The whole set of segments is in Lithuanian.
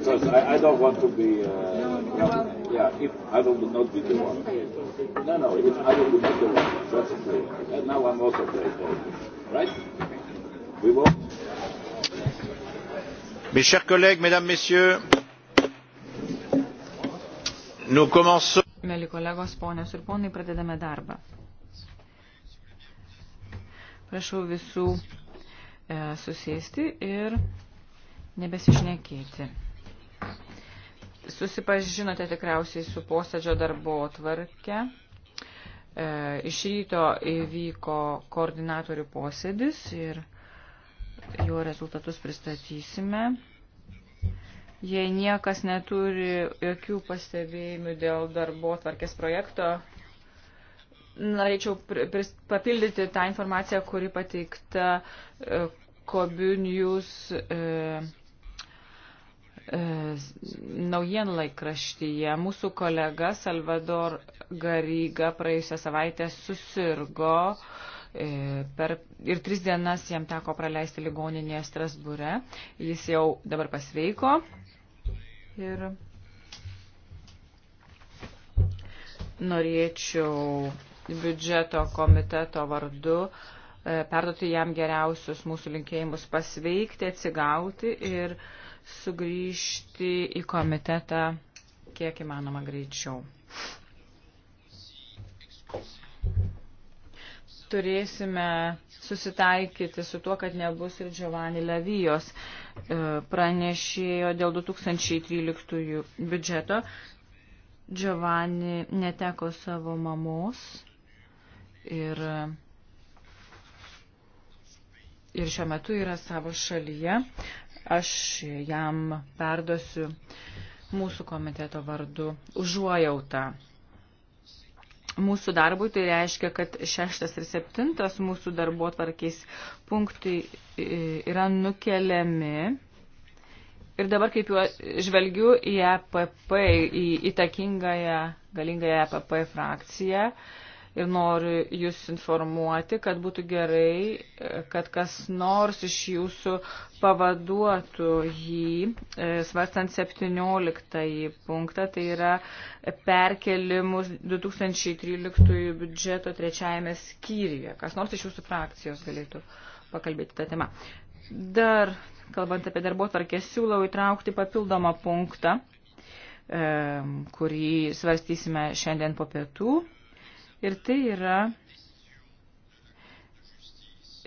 because I, I don't want to be. Uh, no, no, well, yeah, if I will not be the one. No, no, if I will be not the one. That's clear. And now I'm also playing ball. Right? We will. Mes chers collègues, mesdames, messieurs, nous commençons. Mėly kolegos, ponios ir ponai, pradedame darbą. Prašau visų e, susėsti ir nebesišnekėti. Susipažinote tikriausiai su posėdžio darbo tvarke. E, iš ryto įvyko koordinatorių posėdis ir jo rezultatus pristatysime. Jei niekas neturi jokių pastebėjimų dėl darbo tvarkės projekto, norėčiau papildyti tą informaciją, kuri pateikta e, Kobių News. E, E, naujienlaikraštyje mūsų kolega Salvador Garyga praėjusią savaitę susirgo e, per, ir tris dienas jam teko praleisti ligoninėje Strasbūre. Jis jau dabar pasveiko. Ir norėčiau biudžeto komiteto vardu e, perduoti jam geriausius mūsų linkėjimus pasveikti, atsigauti ir uh, sugrįžti į komitetą kiek įmanoma greičiau. Turėsime susitaikyti su tuo, kad nebus ir Giovanni Levijos e, pranešėjo dėl 2013 biudžeto. Giovanni neteko savo mamos ir, ir šiuo metu yra savo šalyje. Aš jam perduosiu mūsų komiteto vardu užuojautą. Mūsų darbui tai reiškia, kad šeštas ir septintas mūsų darbo tvarkiais punktai e, yra nukeliami. Ir dabar, kaip jau žvelgiu į EPP, į įtakingąją, galingąją EPP frakciją, uh, ir noriu jūs informuoti, kad būtų gerai, e, kad kas nors iš jūsų pavaduotų jį, e, svarstant 17 punktą, tai yra perkelimus 2013 biudžeto trečiajame skyriuje. Kas nors iš jūsų frakcijos galėtų pakalbėti tą temą. Dar, kalbant apie darbo tvarkę, siūlau įtraukti papildomą punktą e, kurį svarstysime šiandien po pietų. Ir tai yra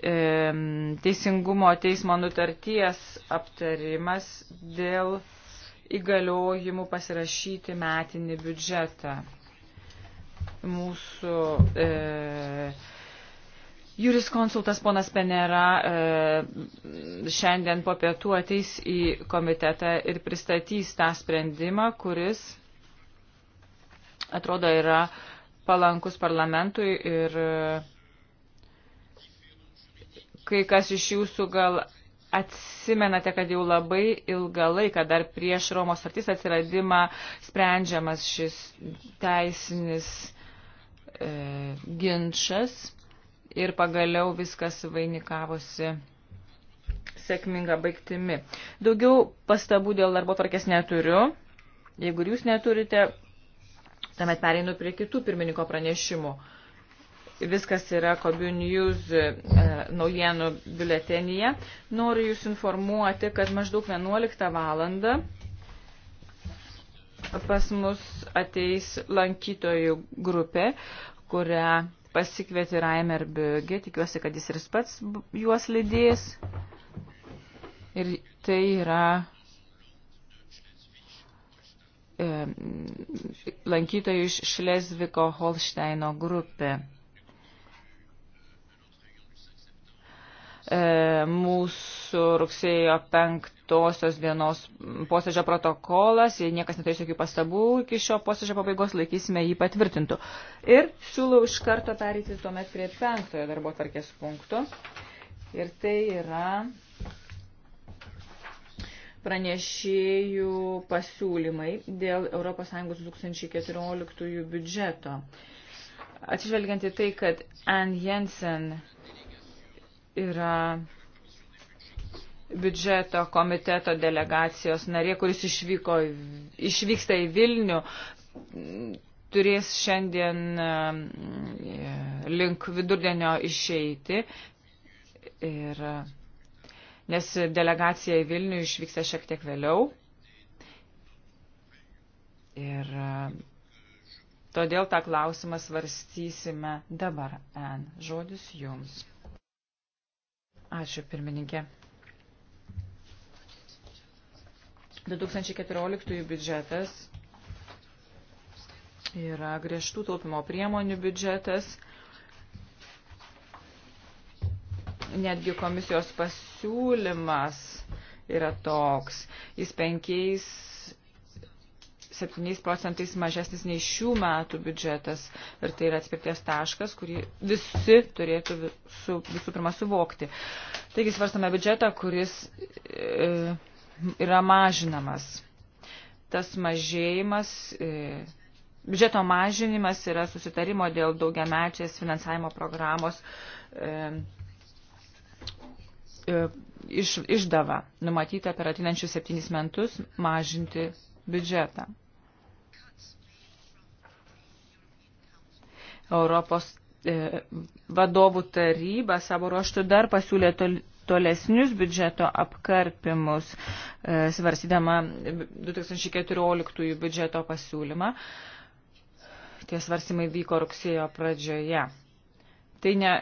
e, teisingumo teismo nutarties aptarimas dėl įgaliojimų pasirašyti metinį biudžetą. Mūsų e, Juris konsultas ponas Penera e, šiandien po pietų ateis į komitetą ir pristatys tą sprendimą, kuris atrodo yra palankus parlamentui ir e, kai kas iš jūsų gal atsimenate, kad jau labai ilgą laiką dar prieš Romos artis atsiradimą sprendžiamas šis teisinis e, ginčas ir pagaliau viskas vainikavosi sėkminga baigtimi. Daugiau pastabų dėl darbo tvarkės neturiu. Jeigu jūs neturite, Tuomet pereinu prie kitų pirmininko pranešimų. Viskas yra Kobių News e, naujienų biuletenyje. Noriu Jūs informuoti, kad maždaug 11 valandą pas mus ateis lankytojų grupė, kurią pasikvietė Raimer Bögė. Tikiuosi, kad jis ir pats juos lydės. Ir tai yra E, lankytojų iš Šlezviko Holšteino grupė. E, mūsų rugsėjo penktosios dienos posėdžio protokolas, jei niekas neturės jokių pastabų, iki šio posėdžio pabaigos laikysime jį patvirtintų. Ir siūlau iš karto perėti tuomet prie penktojo darbo tvarkės punkto. Ir tai yra pranešėjų pasiūlymai dėl ES 2014 biudžeto. Atsižvelgiant į tai, kad Ann Jensen yra biudžeto komiteto delegacijos narė, kuris išvyko, išvyksta į Vilnių, turės šiandien e, link vidurdienio išeiti. Ir nes delegacija į Vilnių išvyksta šiek tiek vėliau. Ir e, todėl tą klausimą svarstysime dabar. N. Žodis jums. Ačiū, pirmininkė. 2014 biudžetas yra griežtų taupimo priemonių biudžetas. Netgi komisijos pasiūlymas pasiūlymas yra toks. Jis 5-7 procentais mažesnis nei šių metų biudžetas ir tai yra atspirties taškas, kurį visi turėtų visų, visų pirma suvokti. Taigi svarstame biudžetą, kuris e, yra mažinamas. Tas mažėjimas. E, Biudžeto mažinimas yra susitarimo dėl daugiamečiais finansavimo programos e, E, iš, išdava numatyta per atinančius septynis metus mažinti biudžetą. Europos e, vadovų taryba savo ruoštų dar pasiūlė tol, tolesnius biudžeto apkarpimus, e, svarstydama 2014 biudžeto pasiūlymą. Tie svarstymai vyko rugsėjo pradžioje tai ne,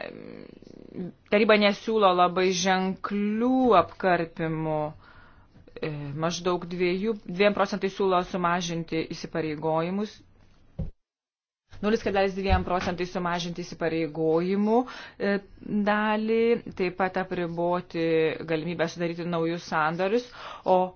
taryba nesiūlo labai ženklių apkarpimų. E, maždaug 2 procentai siūlo sumažinti įsipareigojimus 0,2 procentai sumažinti įsipareigojimų e, dalį, taip pat apriboti galimybę sudaryti naujus sandorius, o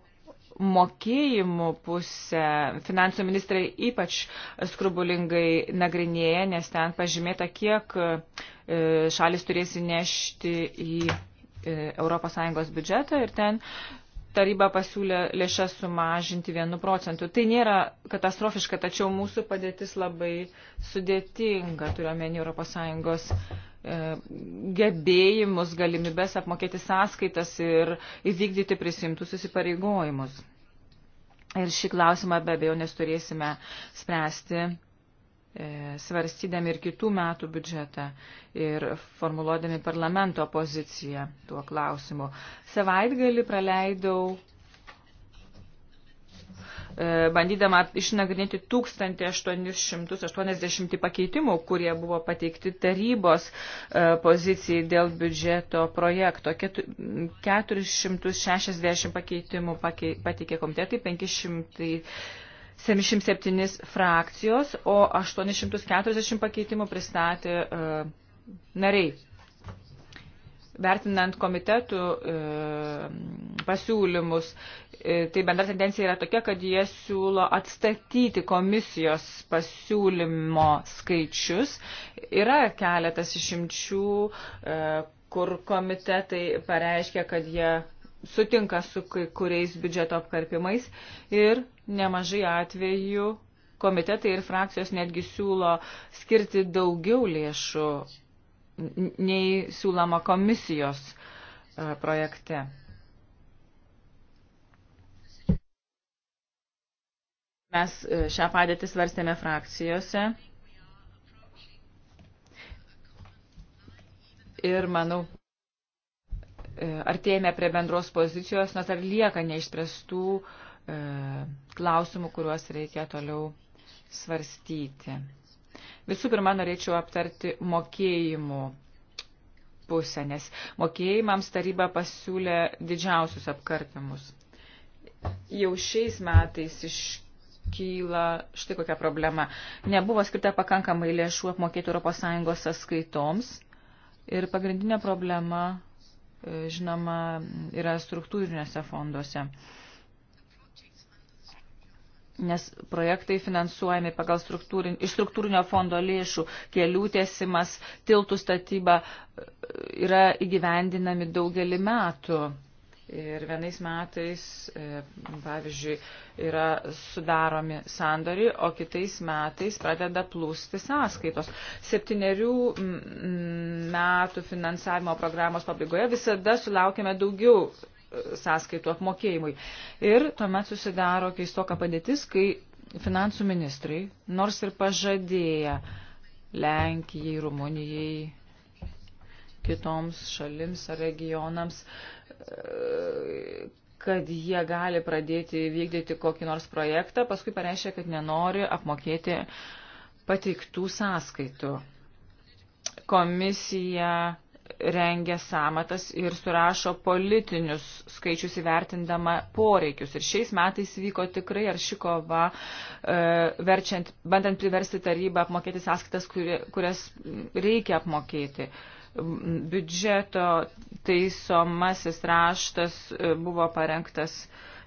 mokėjimų pusę finansų ministrai ypač skrubulingai nagrinėja, nes ten pažymėta, kiek e, šalis turės įnešti į ES biudžetą ir ten taryba pasiūlė lėšas sumažinti 1 procentu. Tai nėra katastrofiška, tačiau mūsų padėtis labai sudėtinga, turiuomenį ES E, gebėjimus, galimybės apmokėti sąskaitas ir įvykdyti prisimtus įsipareigojimus. Ir šį klausimą be abejo nesturėsime spręsti e, svarstydami ir kitų metų biudžetą ir formuluodami parlamento poziciją tuo klausimu. Savaitgalį praleidau E, bandydama išnagrinėti 1880 pakeitimų, kurie buvo pateikti tarybos e, pozicijai dėl biudžeto projekto. 460 pakeitimų pateikė komitetai, 500. 707 frakcijos, o 840 pakeitimų pristatė uh, nariai vertinant komitetų e, pasiūlymus, e, tai bendra tendencija yra tokia, kad jie siūlo atstatyti komisijos pasiūlymo skaičius. Yra keletas išimčių, e, kur komitetai pareiškia, kad jie sutinka su kai kuriais biudžeto apkarpimais ir nemažai atvejų komitetai ir frakcijos netgi siūlo skirti daugiau lėšų nei siūloma komisijos e, projekte. Mes e, šią padėtį svarstėme frakcijose ir, manau, e, artėjame prie bendros pozicijos, nors ar lieka neišspręstų klausimų, kuriuos reikia toliau svarstyti. Visų pirma, norėčiau aptarti mokėjimų pusę, nes mokėjimams taryba pasiūlė didžiausius apkarpimus. Jau šiais metais iškyla štai kokia problema. Nebuvo skirta pakankamai lėšų apmokėti ES sąskaitoms ir pagrindinė problema, e, žinoma, yra struktūrinėse fonduose nes projektai finansuojami pagal struktūrin, iš struktūrinio fondo lėšų, kelių tiesimas, tiltų statyba e, yra įgyvendinami daugelį metų. Ir vienais metais, e, pavyzdžiui, yra sudaromi sandoriai, o kitais metais pradeda plūsti sąskaitos. Septyniarių metų finansavimo programos pabaigoje visada sulaukime daugiau sąskaitų apmokėjimui. Ir tuomet susidaro keistoka padėtis, kai finansų ministrai, nors ir pažadėję Lenkijai, Rumunijai, kitoms šalims ar regionams, kad jie gali pradėti vykdyti kokį nors projektą, paskui pareiškia, kad nenori apmokėti pateiktų sąskaitų. Komisija rengia samatas ir surašo politinius skaičius įvertindama poreikius. Ir šiais metais vyko tikrai ar ši kova, e, verčiant, bandant priversti tarybą apmokėti sąskaitas, kurias reikia apmokėti. Biudžeto teisomasis raštas e, buvo parengtas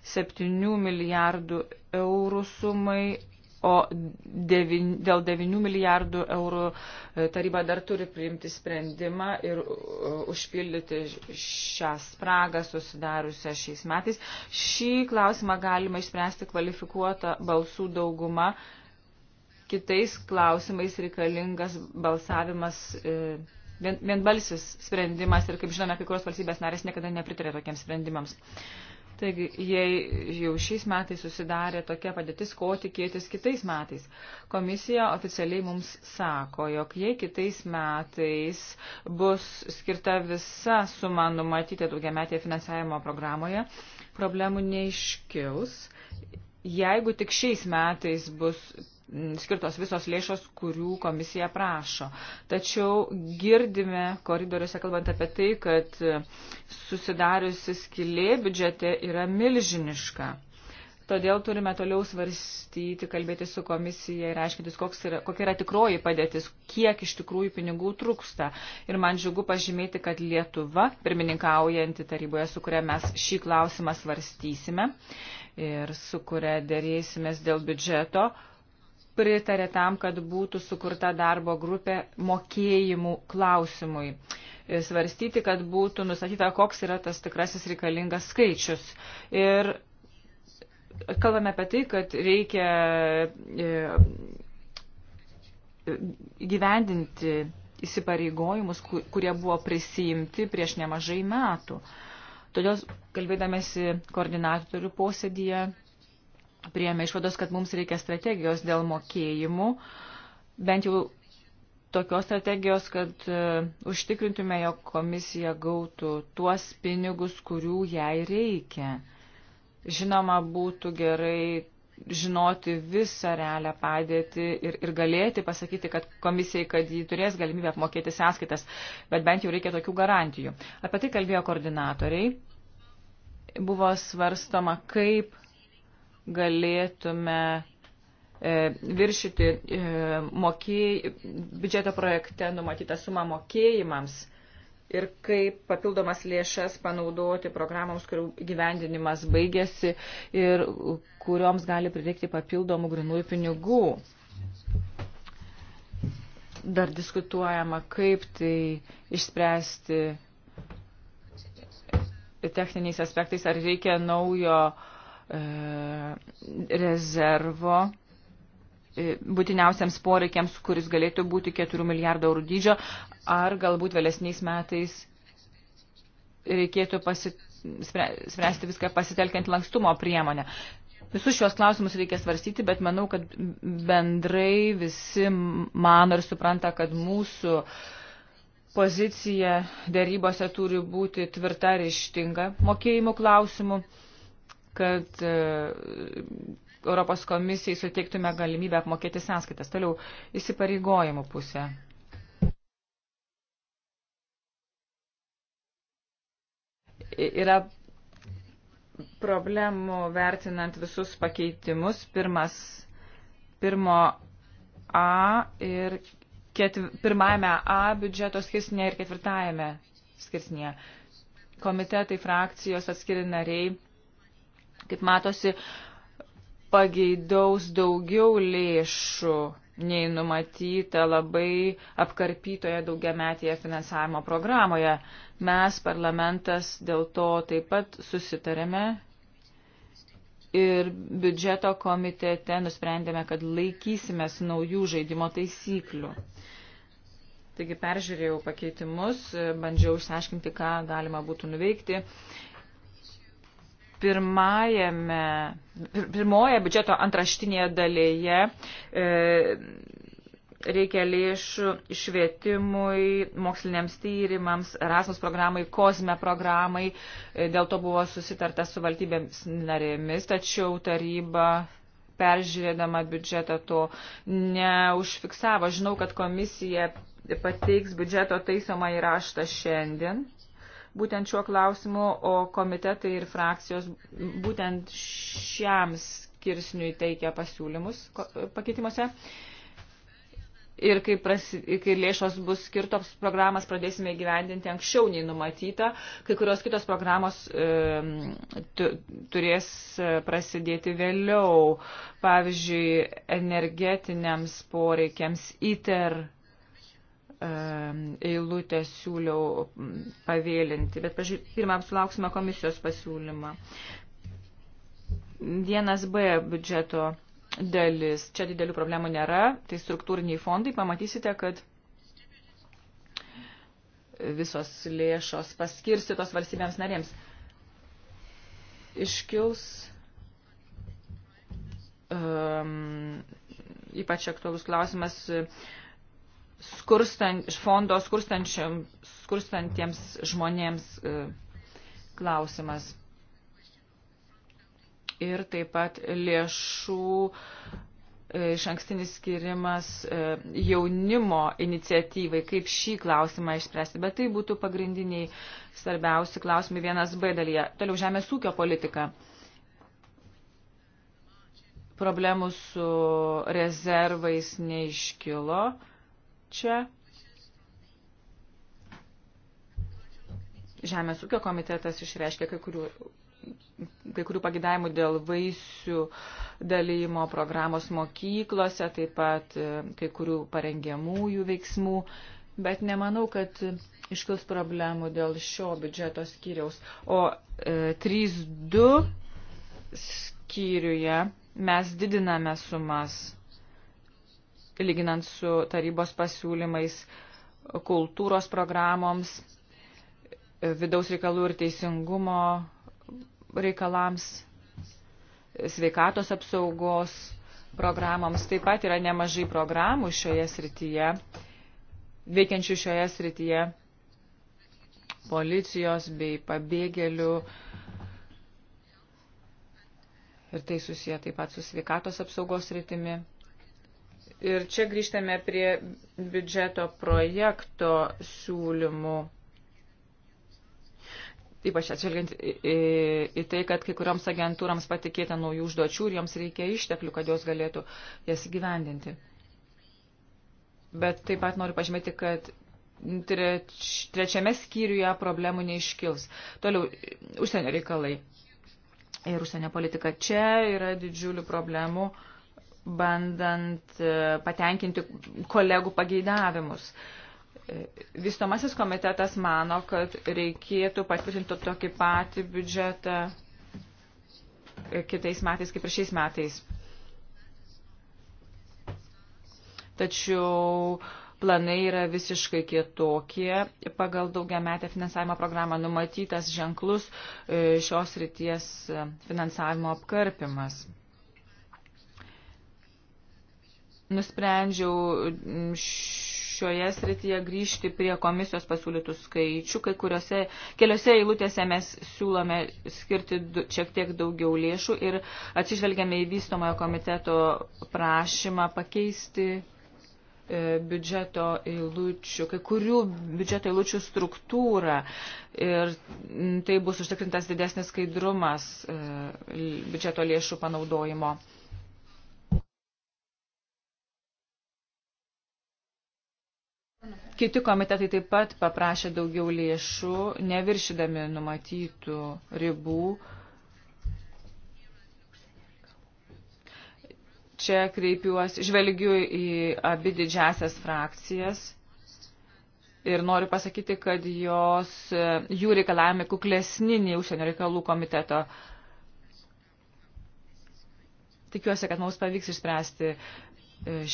7 milijardų eurų sumai o devin, dėl 9 milijardų eurų e, taryba dar turi priimti sprendimą ir e, užpildyti šią spragą susidariusią šiais metais. Šį klausimą galima išspręsti kvalifikuotą balsų daugumą. Kitais klausimais reikalingas balsavimas. E, vienbalsis sprendimas ir, kaip žinome, kai kurios valstybės narės niekada nepritarė tokiems sprendimams. Uh, Taigi, jei jau šiais metais susidarė tokia padėtis, ko tikėtis kitais metais? Komisija oficialiai mums sako, jog jei kitais metais bus skirta visa suma numatyta daugiametėje finansavimo programoje, problemų neiškils. Jeigu tik šiais metais bus skirtos visos lėšos, kurių komisija prašo. Tačiau girdime koridoriuose kalbant apie tai, kad susidariusi skilė biudžete yra milžiniška. Todėl turime toliau svarstyti, kalbėti su komisija ir aiškintis, yra, kokia yra tikroji padėtis, kiek iš tikrųjų pinigų trūksta. Ir man džiugu pažymėti, kad Lietuva, pirmininkaujanti taryboje, su kuria mes šį klausimą svarstysime ir su kuria dėrėsimės dėl biudžeto, uh, pritarė tam, kad būtų sukurta darbo grupė mokėjimų klausimui. E, svarstyti, kad būtų nustatyta, koks yra tas tikrasis reikalingas skaičius. Ir kalbame apie tai, kad reikia e, gyvendinti įsipareigojimus, kurie buvo prisijimti prieš nemažai metų. Todėl, kalbėdamėsi koordinatorių posėdyje, priėmė išvados, kad mums reikia strategijos dėl mokėjimų, bent jau tokios strategijos, kad e, užtikrintume, jog komisija gautų tuos pinigus, kurių jai reikia. Žinoma, būtų gerai žinoti visą realią padėtį ir, ir galėti pasakyti, kad komisijai, kad ji turės galimybę apmokėti sąskaitas, bet bent jau reikia tokių garantijų. Apie tai kalbėjo koordinatoriai. Buvo svarstama, kaip galėtume e, viršyti e, mokėj, biudžeto projekte numatytą sumą mokėjimams ir kaip papildomas lėšas panaudoti programoms, kurių gyvendinimas baigėsi ir kurioms gali prireikti papildomų grinųjų pinigų. Dar diskutuojama, kaip tai išspręsti techniniais aspektais, ar reikia naujo uh, E, rezervo e, būtiniausiams poreikiams, kuris galėtų būti 4 milijardo eurų dydžio, ar galbūt vėlesniais metais reikėtų pasi, spręsti viską pasitelkiant lankstumo priemonę. Visus šios klausimus reikia svarstyti, bet manau, kad bendrai visi mano ir supranta, kad mūsų pozicija dėrybose turi būti tvirta ir ištinga mokėjimų klausimų kad e, Europos komisijai suteiktume galimybę apmokėti sąskaitas. Toliau įsipareigojimų pusė. Yra problemų vertinant visus pakeitimus. Pirmas, pirmo A ir ketv, pirmajame A biudžeto skirsnėje ir ketvirtajame skirsnėje. Komitetai, frakcijos, atskiri nariai kaip matosi, pageidaus daugiau lėšų nei numatyta labai apkarpytoje daugiametėje finansavimo programoje. Mes, parlamentas, dėl to taip pat susitarėme ir biudžeto komitete nusprendėme, kad laikysimės naujų žaidimo taisyklių. Taigi peržiūrėjau pakeitimus, bandžiau išsiaiškinti, ką galima būtų nuveikti pirmajame, pirmoje biudžeto antraštinėje dalyje e, reikia lėšų švietimui, moksliniams tyrimams, Erasmus programai, Kozme programai. E, dėl to buvo susitarta su valstybėms narėmis, tačiau taryba peržiūrėdama biudžetą to neužfiksavo. Žinau, kad komisija pateiks biudžeto taisomą įraštą šiandien būtent šiuo klausimu, o komitetai ir frakcijos būtent šiam skirsniui teikia pasiūlymus pakeitimuose. Ir kai, prasi, kai lėšos bus skirtos, programas pradėsime gyvendinti anksčiau nei numatyta, kai kurios kitos programos e, turės prasidėti vėliau, pavyzdžiui, energetiniams poreikiams ITER Ehm, eilutę siūliau mm, pavėlinti, bet pažiūrė, pirmą sulauksime komisijos pasiūlymą. Vienas B biudžeto dalis, čia didelių problemų nėra, tai struktūriniai fondai, pamatysite, kad visos lėšos paskirstytos valstybėms narėms. Iškils um, ypač aktualus klausimas skurstan, fondo skurstantiems žmonėms e, klausimas. Ir taip pat lėšų e, iš ankstinis skirimas e, jaunimo iniciatyvai, kaip šį klausimą išspręsti. Bet tai būtų pagrindiniai svarbiausi klausimai vienas B dalyje. Toliau žemės ūkio politika problemų su rezervais neiškilo čia Žemės ūkio komitetas išreiškė kai kurių, kai kurių pagidavimų dėl vaisių dalymo programos mokyklose, taip pat e, kai kurių parengiamųjų veiksmų, bet nemanau, kad iškils problemų dėl šio biudžeto skyriaus. O e, 3.2 skyriuje mes didiname sumas lyginant su tarybos pasiūlymais kultūros programoms, vidaus reikalų ir teisingumo reikalams, sveikatos apsaugos programoms. Taip pat yra nemažai programų šioje srityje, veikiančių šioje srityje policijos bei pabėgėlių. Ir tai susiję taip pat su sveikatos apsaugos rytimi. Ir čia grįžtame prie biudžeto projekto siūlymų. Ypač atsilgiant į, į, į tai, kad kai kurioms agentūrams patikėta naujų užduočių ir joms reikia išteklių, kad jos galėtų jas įgyvendinti. Bet taip pat noriu pažymėti, kad treč, trečiame skyriuje problemų neiškils. Toliau, užsienio reikalai ir užsienio politika. Čia yra didžiulių problemų. Uh, bandant e, patenkinti kolegų pageidavimus. E, vystomasis komitetas mano, kad reikėtų patvirtinti tokį patį biudžetą e, kitais metais kaip ir šiais metais. Tačiau planai yra visiškai kitokie. Pagal daugiametę finansavimo programą numatytas ženklus šios ryties finansavimo apkarpimas. nusprendžiau šioje srityje grįžti prie komisijos pasiūlytų skaičių, kai kuriuose keliose eilutėse mes siūlome skirti du, šiek tiek daugiau lėšų ir atsižvelgiame į vystomojo komiteto prašymą pakeisti e, biudžeto eilučių, kai kurių biudžeto eilučių struktūrą ir tai bus užtikrintas didesnis skaidrumas e, biudžeto lėšų panaudojimo. Kiti komitetai taip pat paprašė daugiau lėšų, neviršydami numatytų ribų. Čia kreipiuosi, žvelgiu į abi didžiasias frakcijas ir noriu pasakyti, kad jos, jų reikalavimai kuklesni nei užsienio reikalų komiteto. Tikiuosi, kad mums pavyks išspręsti e,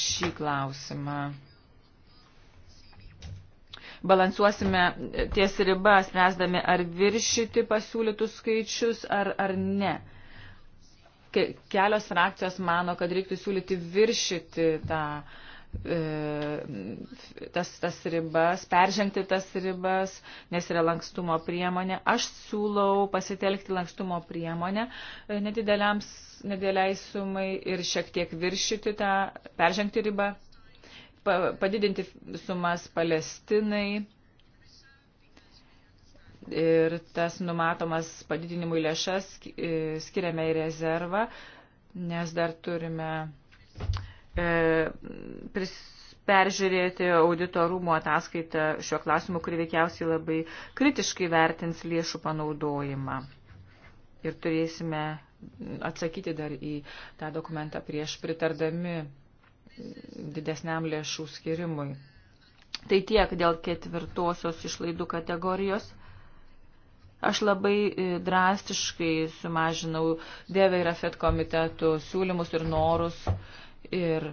šį klausimą balansuosime ties ribą, spręsdami ar viršyti pasiūlytus skaičius ar, ar ne. Kelios frakcijos mano, kad reiktų siūlyti viršyti tą, e, tas, tas ribas, peržengti tas ribas, nes yra lankstumo priemonė. Aš siūlau pasitelkti lankstumo priemonę e, nedideliai sumai ir šiek tiek viršyti tą, peržengti ribą padidinti sumas Palestinai. Ir tas numatomas padidinimui lėšas e, skiriame į rezervą, nes dar turime e, pris, peržiūrėti audito rūmų ataskaitą šiuo klausimu, kuri veikiausiai labai kritiškai vertins lėšų panaudojimą. Ir turėsime atsakyti dar į tą dokumentą prieš pritardami didesniam lėšų skirimui. Tai tiek dėl ketvirtosios išlaidų kategorijos. Aš labai e, drastiškai sumažinau Dėvė ir Afet komitetų siūlymus ir norus ir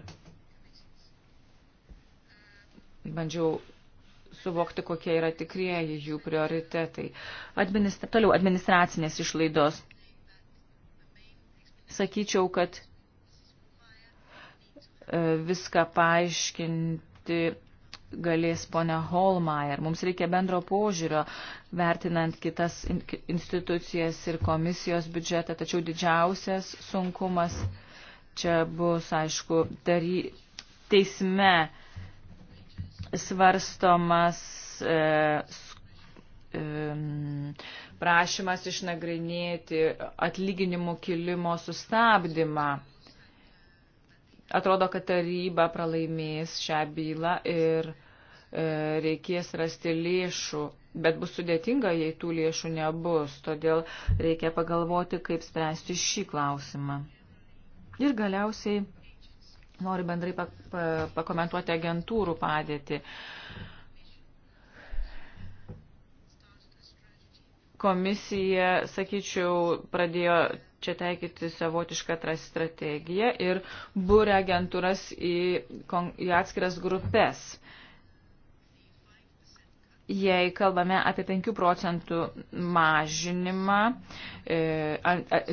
bandžiau suvokti, kokie yra tikrieji jų prioritetai. Administra, toliau administracinės išlaidos. Sakyčiau, kad E, viską paaiškinti galės ponia Holmeier. Mums reikia bendro požiūrio, vertinant kitas institucijas ir komisijos biudžetą, tačiau didžiausias sunkumas čia bus, aišku, dary, teisme svarstomas e, e, prašymas išnagrinėti atlyginimų kilimo sustabdymą Atrodo, kad taryba pralaimės šią bylą ir e, reikės rasti lėšų, bet bus sudėtinga, jei tų lėšų nebus, todėl reikia pagalvoti, kaip spręsti šį klausimą. Ir galiausiai noriu bendrai pakomentuoti agentūrų padėtį. Komisija, sakyčiau, pradėjo čia taikyti savotišką strategiją ir būrė agentūras į, į atskiras grupės. Jei kalbame apie 5 procentų mažinimą e,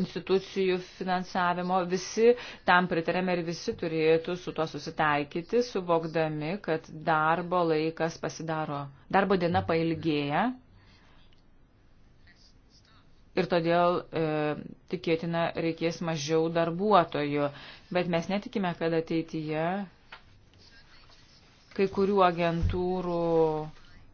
institucijų finansavimo, visi tam pritarėme ir visi turėtų su tuo susitaikyti, suvokdami, kad darbo laikas pasidaro, darbo diena pailgėja ir todėl e, tikėtina reikės mažiau darbuotojų. Bet mes netikime, kad ateityje kai kurių agentūrų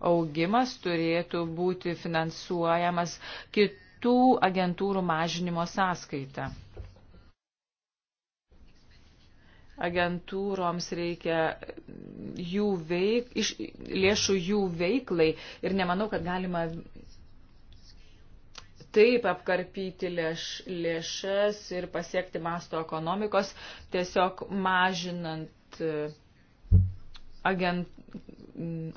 augimas turėtų būti finansuojamas kitų agentūrų mažinimo sąskaita. Agentūroms reikia jų veik, iš, lėšų jų veiklai ir nemanau, kad galima kitaip apkarpyti lėš, lėšas ir pasiekti masto ekonomikos, tiesiog mažinant, e, agent,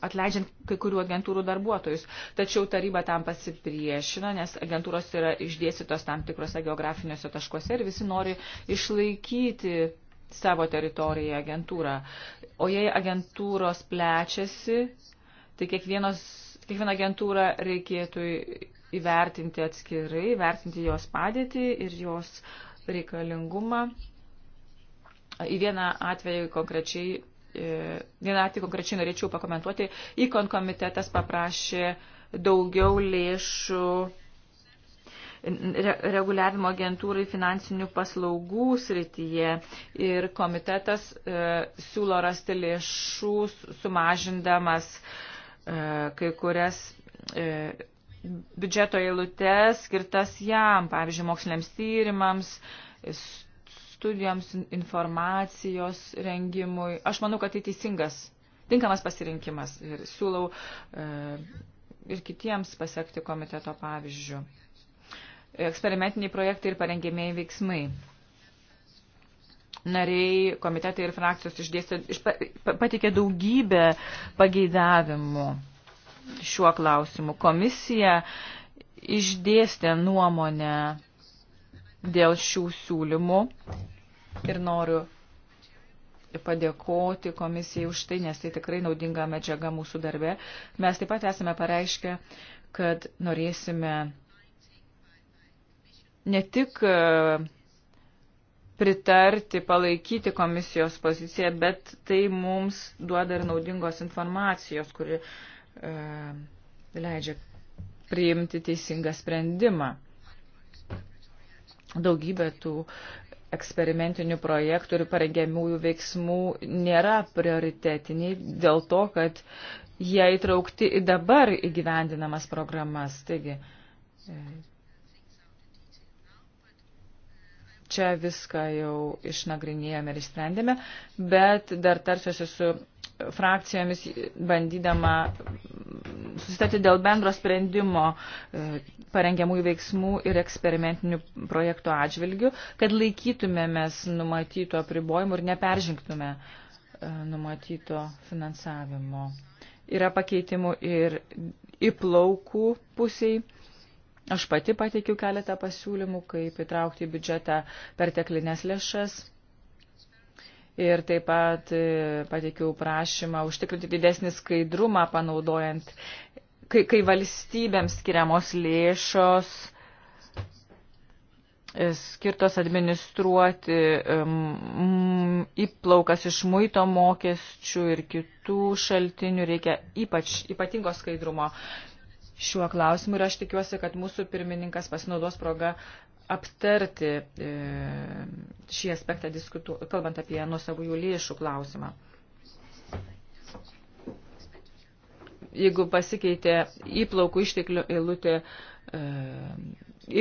atleidžiant kai kurių agentūrų darbuotojus. Tačiau taryba tam pasipriešino, nes agentūros yra išdėstytos tam tikrose geografiniuose taškuose ir visi nori išlaikyti savo teritoriją agentūrą. O jei agentūros plečiasi, tai kiekvienos kiekvieną agentūrą reikėtų įvertinti atskirai, įvertinti jos padėtį ir jos reikalingumą. Į vieną atvejį konkrečiai, e, vieną atvejį konkrečiai norėčiau pakomentuoti. Ikon komitetas paprašė daugiau lėšų reguliavimo agentūrai finansinių paslaugų srityje ir komitetas e, siūlo rasti lėšų sumažindamas e, kai kurias e, biudžeto eilutes skirtas jam, pavyzdžiui, moksliniams tyrimams, studijoms, informacijos rengimui. Aš manau, kad tai teisingas, tinkamas pasirinkimas ir siūlau e, ir kitiems pasiekti komiteto pavyzdžių. Eksperimentiniai projektai ir parengėmėjai veiksmai nariai, komitetai ir frakcijos išdėstė, iš, patikė daugybę pageidavimų šiuo klausimu. Komisija išdėstė nuomonę dėl šių siūlymų ir noriu padėkoti komisijai už tai, nes tai tikrai naudinga medžiaga mūsų darbe. Mes taip pat esame pareiškę, kad norėsime ne tik e, pritarti, palaikyti komisijos poziciją, bet tai mums duoda ir naudingos informacijos, kuri E, leidžia priimti teisingą sprendimą. Daugybė tų eksperimentinių projektų ir parengiamųjų veiksmų nėra prioritetiniai dėl to, kad jie įtraukti į dabar įgyvendinamas programas. Taigi, e, čia viską jau išnagrinėjome ir išsprendėme, bet dar tarsiuosi su frakcijomis bandydama susitarti dėl bendro sprendimo e, parengiamųjų veiksmų ir eksperimentinių projektų atžvilgių, kad laikytumėmės numatyto apribojimų ir neperžengtume e, numatyto finansavimo. Yra pakeitimų ir įplaukų pusiai. Aš pati pateikiu keletą pasiūlymų, kaip įtraukti į biudžetą perteklinės lėšas ir taip pat e, pateikiau prašymą užtikrinti didesnį skaidrumą panaudojant, kai, kai valstybėms skiriamos lėšos e, skirtos administruoti um, įplaukas iš muito mokesčių ir kitų šaltinių reikia ypač ypatingo skaidrumo šiuo klausimu ir aš tikiuosi, kad mūsų pirmininkas pasinaudos proga aptarti e, šį aspektą, diskutu, kalbant apie nuosavųjų lėšų klausimą. Jeigu pasikeitė įplaukų išteklių eilutė, e,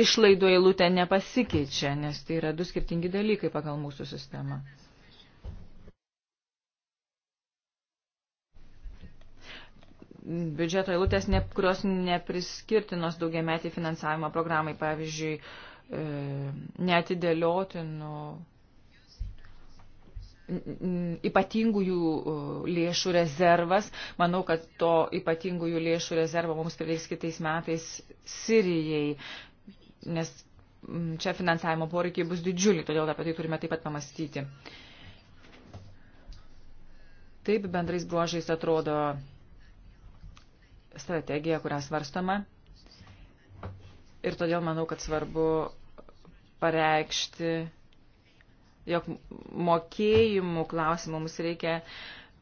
išlaidų eilutė nepasikeičia, nes tai yra du skirtingi dalykai pagal mūsų sistemą. Biudžeto eilutės, ne, kurios nepriskirtinos daugiametį finansavimo programai, pavyzdžiui, E, netidėliotinų ypatingųjų e, lėšų rezervas. Manau, kad to ypatingųjų lėšų rezervo mums prireiks kitais metais Sirijai, nes čia finansavimo poreikiai bus didžiuliai, todėl apie tai turime taip pat pamastyti. Taip bendrais bruožais atrodo strategija, kurią svarstoma. Ir todėl manau, kad svarbu pareikšti, jog mokėjimų klausimų mums reikia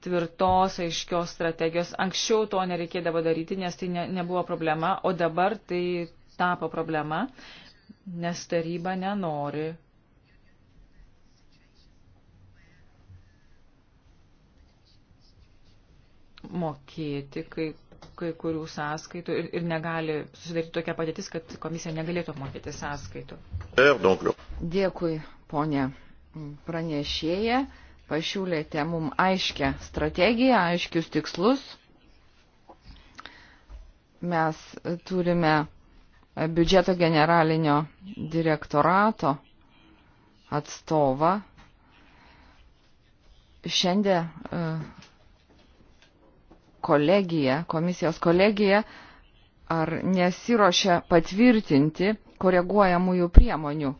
tvirtos, aiškios strategijos. Anksčiau to nereikėdavo daryti, nes tai ne, nebuvo problema, o dabar tai tapo problema, nes taryba nenori mokėti, kaip kai kurių sąskaitų ir, ir negali susidaryti tokia padėtis, kad komisija negalėtų apmokėti sąskaitų. Dėkui, ponė pranešėja. Pašiūlėte mums aiškę strategiją, aiškius tikslus. Mes turime biudžeto generalinio direktorato atstovą. Šiandien e, kolegija, komisijos kolegija, ar nesiuošia patvirtinti koreguojamųjų priemonių.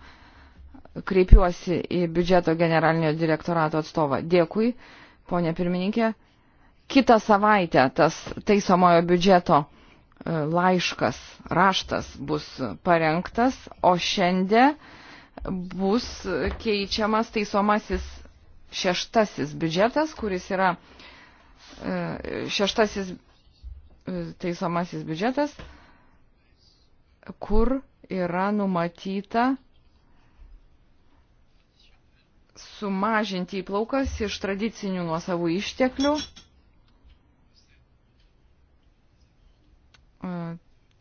Kreipiuosi į biudžeto generalinio direktorato atstovą. Dėkui, ponė pirmininkė. Kita savaitė tas taisomojo biudžeto e, laiškas, raštas bus parengtas, o šiandien bus keičiamas taisomasis šeštasis biudžetas, kuris yra šeštasis teisomasis biudžetas, kur yra numatyta sumažinti įplaukas iš tradicinių nuosavų išteklių. E,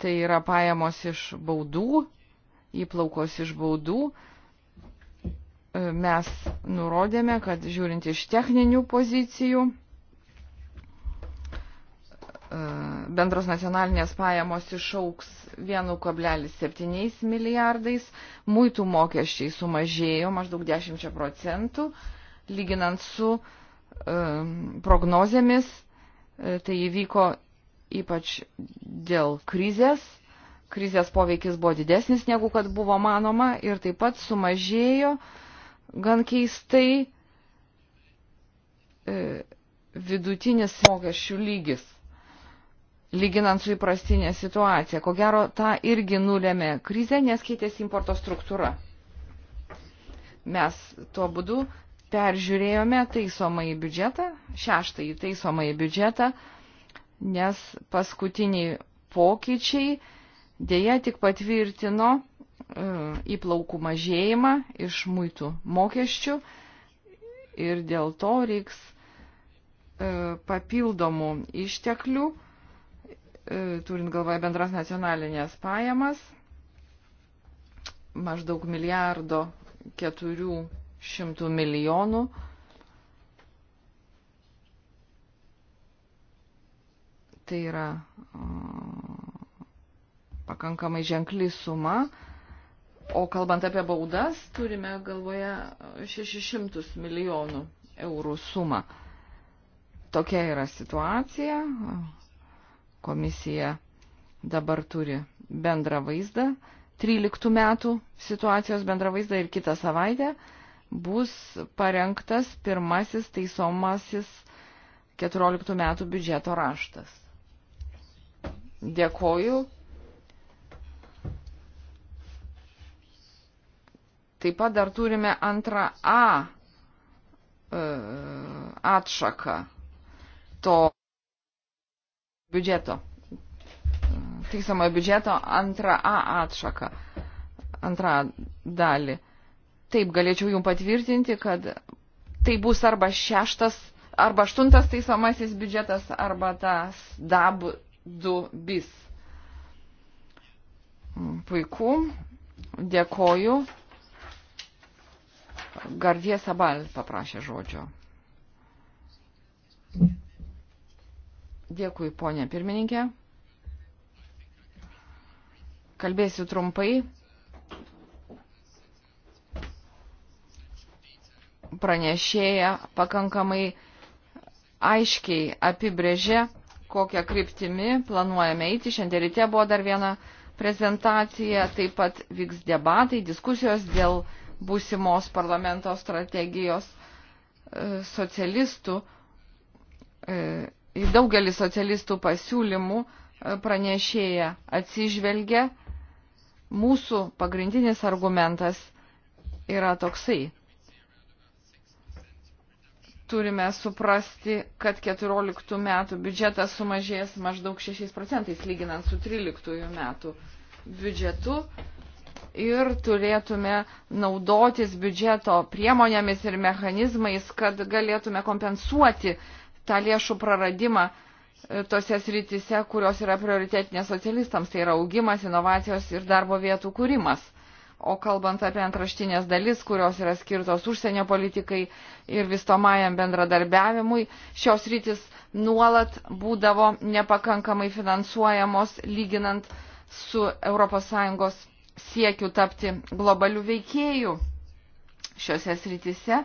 tai yra pajamos iš baudų, įplaukos iš baudų. E, mes nurodėme, kad žiūrint iš techninių pozicijų, E, bendros nacionalinės pajamos išauks 1,7 milijardais, muitų mokesčiai sumažėjo maždaug 10 procentų, lyginant su e, prognozėmis, e, tai įvyko ypač dėl krizės. Krizės poveikis buvo didesnis negu kad buvo manoma ir taip pat sumažėjo gan keistai vidutinis mokesčių lygis lyginant su įprastinė situacija. Ko gero, tą irgi nulėmė krizė, nes keitėsi importo struktūra. Mes tuo būdu peržiūrėjome taisomąjį biudžetą, šeštąjį taisomąjį biudžetą, nes paskutiniai pokyčiai dėja tik patvirtino e, įplaukų mažėjimą iš muitų mokesčių ir dėl to reiks e, papildomų išteklių E, turint galvoje bendras nacionalinės pajamas, maždaug milijardo 400 milijonų. Tai yra pakankamai ženkli suma. O kalbant apie baudas, turime galvoje 600 milijonų eurų sumą. Tokia yra situacija. Komisija dabar turi bendrą vaizdą, 13 metų situacijos bendrą vaizdą ir kitą savaitę bus parengtas pirmasis taisomasis 14 metų biudžeto raštas. Dėkoju. Taip pat dar turime antrą A e, atšaką to biudžeto, tiksamojo biudžeto antrą A atšaką, antrą dalį. Taip, galėčiau jum patvirtinti, kad tai bus arba šeštas, arba aštuntas taisomasis biudžetas, arba tas DAB 2 bis. Puiku, dėkoju. Gardie Sabal paprašė žodžio. Thank you. Dėkui, ponė pirmininkė. Kalbėsiu trumpai. Pranešėja pakankamai aiškiai apibrėžė, kokią kryptimį planuojame eiti. Šiandien ryte buvo dar viena prezentacija, taip pat vyks debatai, diskusijos dėl būsimos parlamento strategijos e, socialistų e, į daugelį socialistų pasiūlymų e, pranešėja atsižvelgia. Mūsų pagrindinis argumentas yra toksai. Turime suprasti, kad 14 metų biudžetas sumažės maždaug 6 procentais lyginant su 13 metų biudžetu ir turėtume naudotis biudžeto priemonėmis ir mechanizmais, kad galėtume kompensuoti uh, tą lėšų praradimą e, tose srityse, kurios yra prioritetinės socialistams, tai yra augimas, inovacijos ir darbo vietų kūrimas. O kalbant apie antraštinės dalis, kurios yra skirtos užsienio politikai ir vystomajam bendradarbiavimui, šios rytis nuolat būdavo nepakankamai finansuojamos, lyginant su ES siekiu tapti globalių veikėjų. Šiuose srityse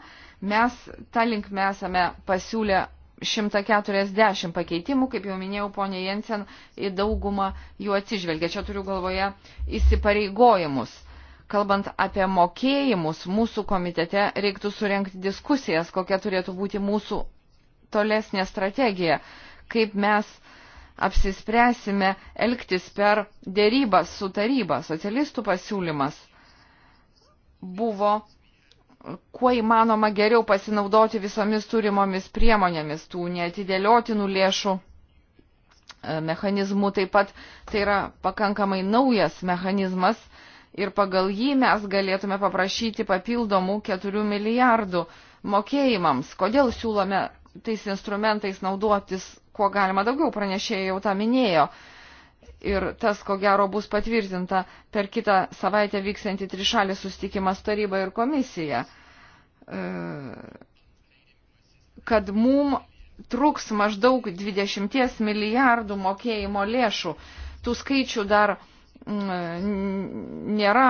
mes tą linkme esame pasiūlę 140 pakeitimų, kaip jau minėjau, ponė Jensen į daugumą jų atsižvelgia. Čia turiu galvoje įsipareigojimus. Kalbant apie mokėjimus, mūsų komitete reiktų surenkti diskusijas, kokia turėtų būti mūsų tolesnė strategija, kaip mes apsispręsime elgtis per dėrybas su taryba. Socialistų pasiūlymas buvo kuo įmanoma geriau pasinaudoti visomis turimomis priemonėmis, tų neatidėliotinų lėšų e, mechanizmų. Taip pat tai yra pakankamai naujas mechanizmas ir pagal jį mes galėtume paprašyti papildomų 4 milijardų mokėjimams. Kodėl siūlome tais instrumentais naudotis, kuo galima daugiau, pranešėjai jau tą minėjo. Uh, ir tas, ko gero, bus patvirtinta per kitą savaitę vyksianti trišalį sustikimą taryba ir komisija, e, kad mum truks maždaug 20 milijardų mokėjimo lėšų. Tų skaičių dar mm, nėra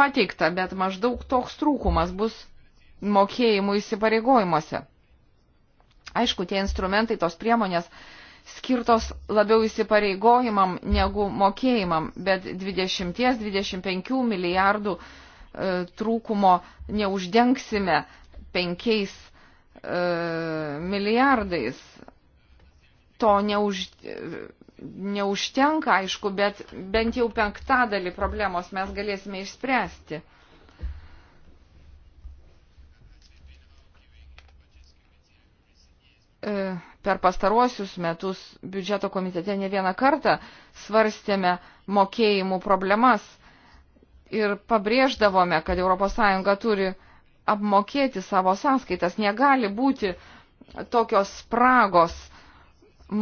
pateikta, bet maždaug toks trūkumas bus mokėjimų įsipareigojimuose. Aišku, tie instrumentai, tos priemonės, skirtos labiau įsipareigojimam negu mokėjimam, bet 20-25 milijardų e, trūkumo neuždengsime 5 e, milijardais. To neuž, neužtenka, aišku, bet bent jau penktadalį problemos mes galėsime išspręsti. E, per pastaruosius metus biudžeto komitete ne vieną kartą svarstėme mokėjimų problemas ir pabrėždavome, kad ES turi apmokėti savo sąskaitas. Negali būti tokios spragos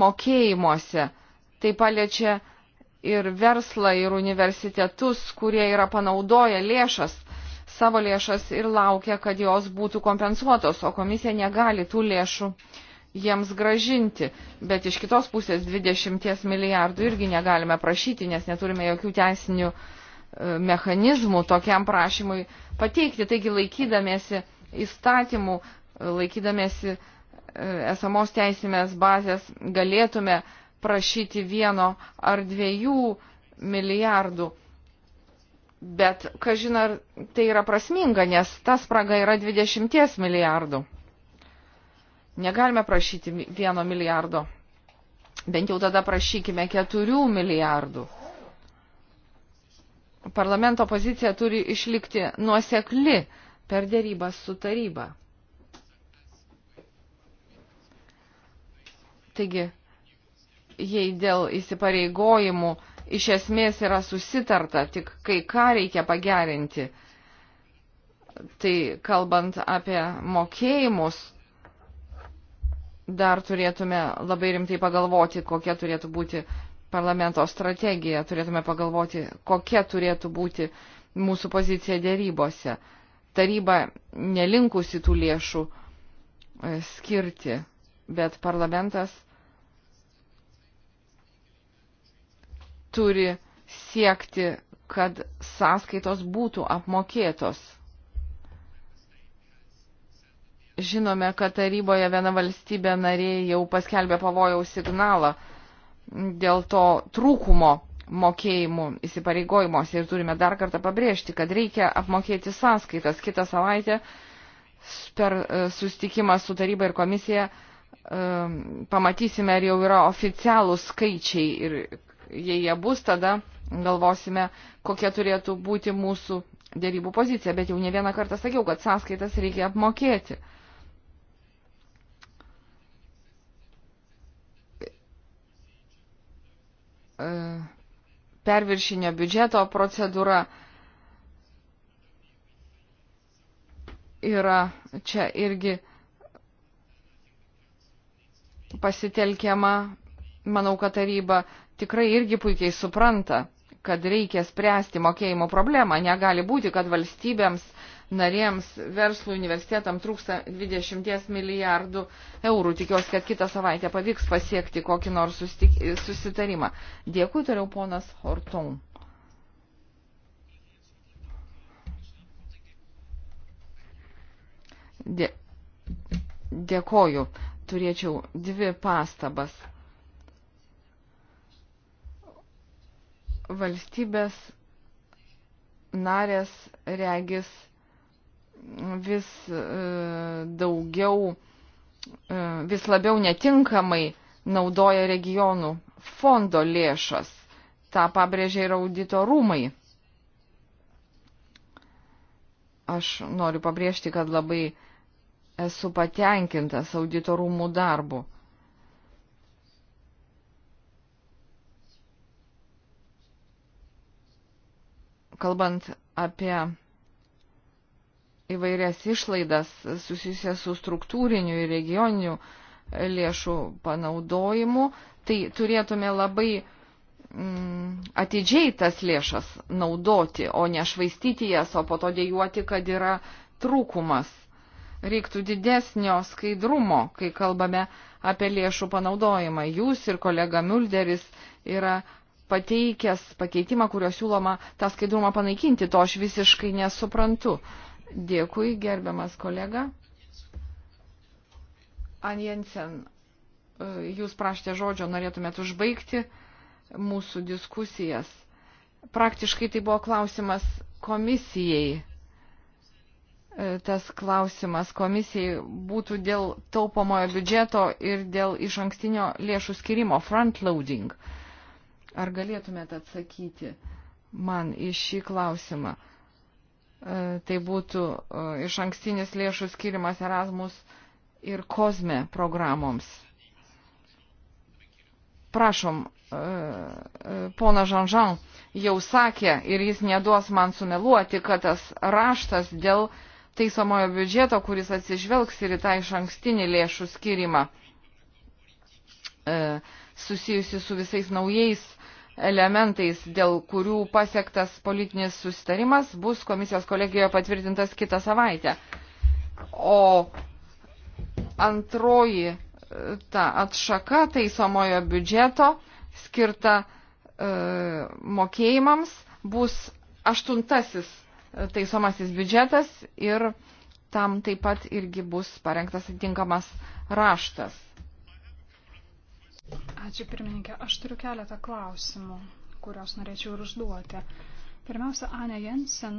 mokėjimuose. Tai paliečia ir verslą, ir universitetus, kurie yra panaudoję lėšas, savo lėšas ir laukia, kad jos būtų kompensuotos, o komisija negali tų lėšų uh, jiems gražinti. Bet iš kitos pusės 20 milijardų irgi negalime prašyti, nes neturime jokių teisinių e, mechanizmų tokiam prašymui pateikti. Taigi laikydamėsi įstatymų, e, laikydamėsi e, esamos teisimės bazės galėtume prašyti vieno ar dviejų milijardų. Bet, kažin ar tai yra prasminga, nes ta spraga yra 20 milijardų. Negalime prašyti vieno milijardo. Bent jau tada prašykime keturių milijardų. Parlamento pozicija turi išlikti nuosekli per dėrybas su taryba. Taigi, jei dėl įsipareigojimų iš esmės yra susitarta, tik kai ką reikia pagerinti, tai kalbant apie mokėjimus, dar turėtume labai rimtai pagalvoti, kokia turėtų būti parlamento strategija, turėtume pagalvoti, kokia turėtų būti mūsų pozicija dėrybose. Taryba nelinkusi tų lėšų e, skirti, bet parlamentas turi siekti, kad sąskaitos būtų apmokėtos Žinome, kad taryboje viena valstybė narė jau paskelbė pavojaus signalą dėl to trūkumo mokėjimų įsipareigojimuose ir turime dar kartą pabrėžti, kad reikia apmokėti sąskaitas. Kitą savaitę per e, sustikimą su taryba ir komisija e, pamatysime, ar jau yra oficialūs skaičiai ir jei jie bus, tada galvosime, kokia turėtų būti mūsų dėrybų pozicija. Bet jau ne vieną kartą sakiau, kad sąskaitas reikia apmokėti. E, perviršinio biudžeto procedūra yra čia irgi pasitelkiama. Manau, kad taryba tikrai irgi puikiai supranta, kad reikia spręsti mokėjimo problemą. Negali būti, kad valstybėms uh, narėms, verslų universitetams trūksta 20 milijardų eurų. Tikiuosi, kad kitą savaitę pavyks pasiekti kokį nors sustik, susitarimą. Dėkui, toliau ponas Horton. Dė, dėkoju. Turėčiau dvi pastabas. Valstybės narės regis vis e, daugiau, e, vis labiau netinkamai naudoja regionų fondo lėšas. Ta pabrėžia ir audito rūmai. Aš noriu pabrėžti, kad labai esu patenkintas audito rūmų darbu. Kalbant apie įvairias išlaidas susijusias su struktūriniu ir regioniniu lėšų panaudojimu, tai turėtume labai mm, atidžiai tas lėšas naudoti, o ne švaistyti jas, o po to dėjuoti, kad yra trūkumas. Reiktų didesnio skaidrumo, kai kalbame apie lėšų panaudojimą. Jūs ir kolega Mulderis yra pateikęs pakeitimą, kurio siūloma tą skaidrumą panaikinti, to aš visiškai nesuprantu. Uh, Dėkui, gerbiamas kolega. Anjensen, e, jūs prašėte žodžio, norėtumėt užbaigti mūsų diskusijas. Praktiškai tai buvo klausimas komisijai. E, tas klausimas komisijai būtų dėl taupomojo biudžeto ir dėl iš ankstinio lėšų skirimo, frontloading. Ar galėtumėt atsakyti man į šį klausimą? E, tai būtų e, iš ankstinis lėšų skirimas Erasmus ir Kozme programoms. Prašom, e, pona Žanžan jau sakė ir jis neduos man sumeluoti, kad tas raštas dėl taisomojo biudžeto, kuris atsižvelgs ir į tą iš ankstinį lėšų skirimą susijusi su visais naujais elementais, dėl kurių pasiektas politinis susitarimas bus komisijos kolegijoje patvirtintas kitą savaitę. O antroji ta atšaka taisomojo biudžeto skirta e, mokėjimams bus aštuntasis taisomasis biudžetas ir tam taip pat irgi bus parengtas atitinkamas raštas. Ačiū pirmininkė. Aš turiu keletą klausimų, kuriuos norėčiau ir užduoti. Pirmiausia, Anė Jensen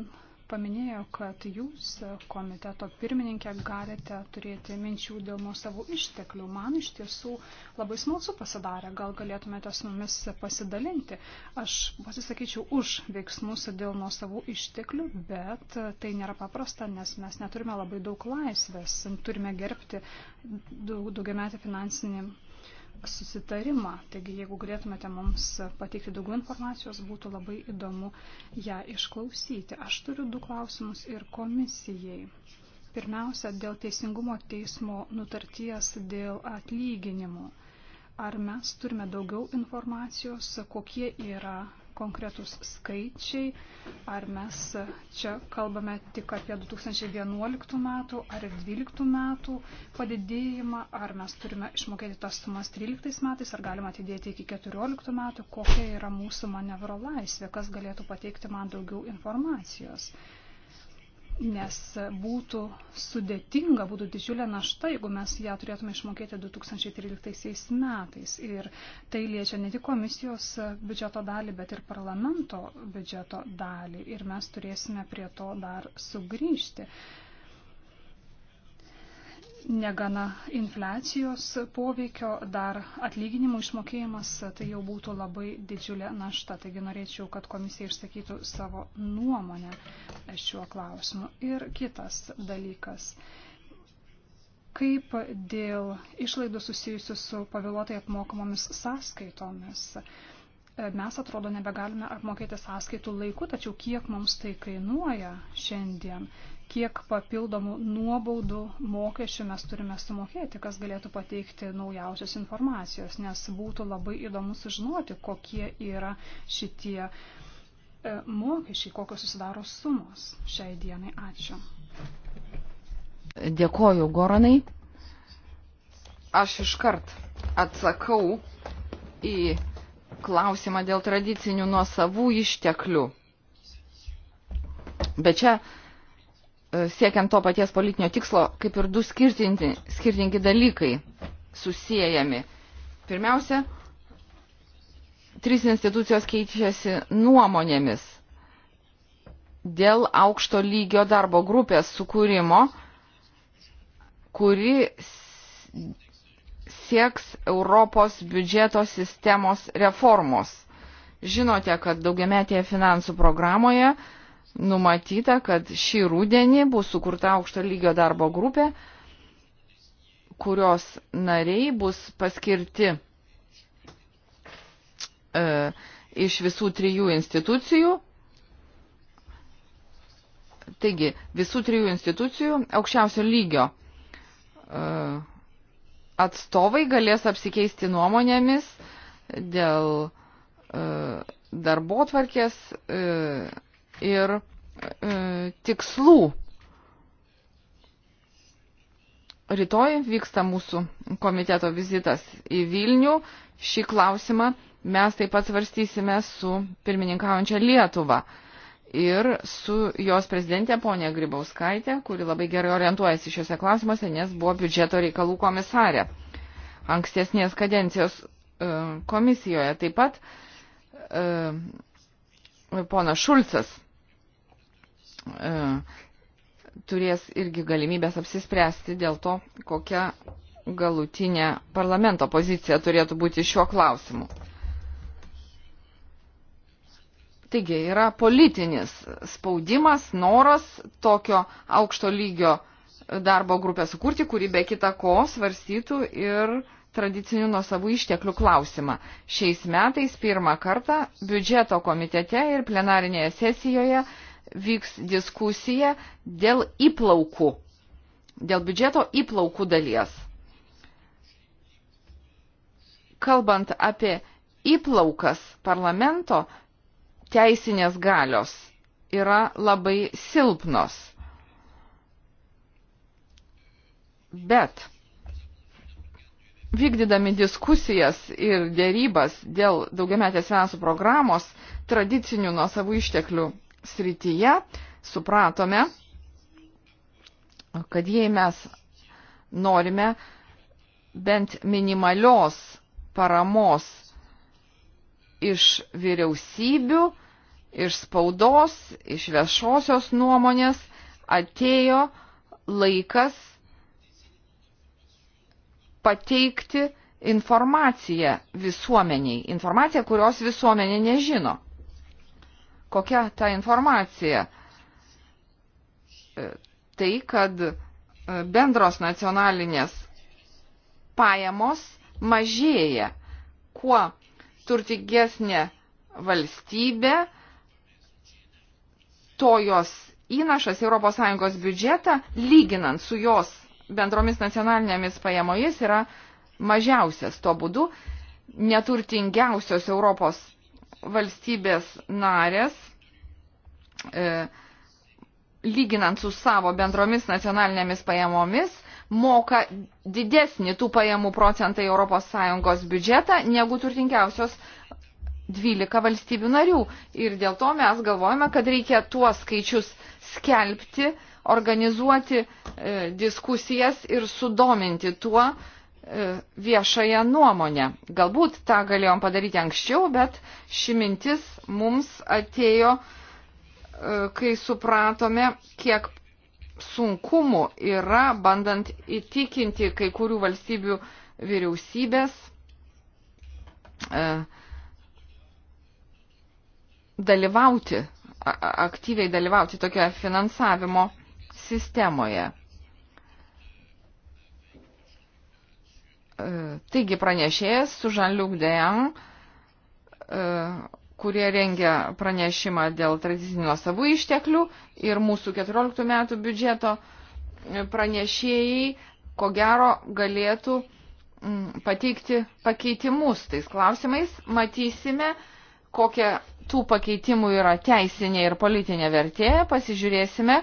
paminėjo, kad jūs, komiteto pirmininkė, galite turėti minčių dėl nuosavų išteklių. Man iš tiesų labai smalsu pasidarė, gal galėtumėte su mumis pasidalinti. Aš pasisakyčiau už veiksmus dėl nuosavų išteklių, bet tai nėra paprasta, nes mes neturime labai daug laisvės, turime gerbti daugiametį finansinį susitarimą. Taigi, jeigu galėtumėte mums pateikti daugiau informacijos, būtų labai įdomu ją išklausyti. Aš turiu du klausimus ir komisijai. Pirmiausia, dėl teisingumo teismo nutarties dėl atlyginimų. Ar mes turime daugiau informacijos, kokie yra konkretūs skaičiai, ar mes čia kalbame tik apie 2011 metų ar 2012 metų padidėjimą, ar mes turime išmokėti tas sumas 13 metais, ar galima atidėti iki 2014 metų, kokia yra mūsų manevro laisvė, kas galėtų pateikti man daugiau informacijos nes būtų sudėtinga, būtų didžiulė našta, jeigu mes ją turėtume išmokėti 2013 metais. Ir tai liečia ne tik komisijos biudžeto dalį, bet ir parlamento biudžeto dalį. Ir mes turėsime prie to dar sugrįžti negana infliacijos poveikio, dar atlyginimų išmokėjimas, tai jau būtų labai didžiulė našta. Taigi norėčiau, kad komisija išsakytų savo nuomonę šiuo klausimu. Ir kitas dalykas kaip dėl išlaidų susijusių su pavėluotai apmokamomis sąskaitomis. Mes atrodo nebegalime apmokėti sąskaitų laiku, tačiau kiek mums tai kainuoja šiandien kiek papildomų nuobaudų mokesčių mes turime sumokėti, kas galėtų pateikti naujausios informacijos, nes būtų labai įdomu sužinoti, kokie yra šitie e, mokesčiai, kokios susidaro sumos šiai dienai. Ačiū. Dėkoju, Goranai. Aš iškart atsakau į klausimą dėl tradicinių nuosavų išteklių. Bet čia siekiant to paties politinio tikslo, kaip ir du skirtingi, skirtingi dalykai susijęjami. Pirmiausia, trys institucijos keičiasi nuomonėmis dėl aukšto lygio darbo grupės sukūrimo, kuri sieks Europos biudžeto sistemos reformos. Žinote, kad daugiametėje finansų programoje uh, numatyta, kad šį rūdienį bus sukurta aukšto lygio darbo grupė, kurios nariai bus paskirti e, iš visų trijų institucijų. Taigi, visų trijų institucijų aukščiausio lygio e, atstovai galės apsikeisti nuomonėmis dėl e, darbo tvarkės. E, ir e, tikslų. Rytoj vyksta mūsų komiteto vizitas į Vilnių. Šį klausimą mes taip pat svarstysime su pirmininkaujančia Lietuva ir su jos prezidentė ponė Grybauskaitė, kuri labai gerai orientuojasi šiuose klausimuose, nes buvo biudžeto reikalų komisarė ankstesnės kadencijos e, komisijoje. Taip pat e, ponas Šulcas E, turės irgi galimybės apsispręsti dėl to, kokia galutinė parlamento pozicija turėtų būti šiuo klausimu. Taigi yra politinis spaudimas, noras tokio aukšto lygio darbo grupę sukurti, kuri be kita ko svarstytų ir tradicinių nuosavų išteklių klausimą. Šiais metais pirmą kartą biudžeto komitete ir plenarinėje sesijoje vyks diskusija dėl įplaukų, dėl biudžeto įplaukų dalies. Kalbant apie įplaukas parlamento, teisinės galios yra labai silpnos. Bet vykdydami diskusijas ir dėrybas dėl daugiametės finansų programos tradicinių nuo savų išteklių srityje supratome, kad jei mes norime bent minimalios paramos iš vyriausybių, iš spaudos, iš viešosios nuomonės, atėjo laikas pateikti informaciją visuomeniai, informaciją, kurios visuomenė nežino. Kokia ta informacija? E, tai, kad e, bendros nacionalinės pajamos mažėja. Kuo turtingesnė valstybė, to jos įnašas ES biudžetą, lyginant su jos bendromis nacionalinėmis pajamomis, yra mažiausias. Tuo būdu neturtingiausios Europos valstybės narės, e, lyginant su savo bendromis nacionalinėmis pajamomis, moka didesnį tų pajamų procentą į ES biudžetą negu turtingiausios 12 valstybių narių. Ir dėl to mes galvojame, kad reikia tuos skaičius skelbti, organizuoti e, diskusijas ir sudominti tuo, e, E, viešąją nuomonę. Galbūt tą galėjom padaryti anksčiau, bet ši mintis mums atėjo, e, kai supratome, kiek sunkumų yra bandant įtikinti kai kurių valstybių vyriausybės e, dalyvauti, aktyviai dalyvauti tokioje finansavimo sistemoje. E, taigi pranešėjas su Jean-Luc Dejan, e, kurie rengia pranešimą dėl tradicinio savų išteklių ir mūsų 14 metų biudžeto e, pranešėjai, ko gero, galėtų pateikti pakeitimus tais klausimais. Matysime, kokia tų pakeitimų yra teisinė ir politinė vertė. Pasižiūrėsime,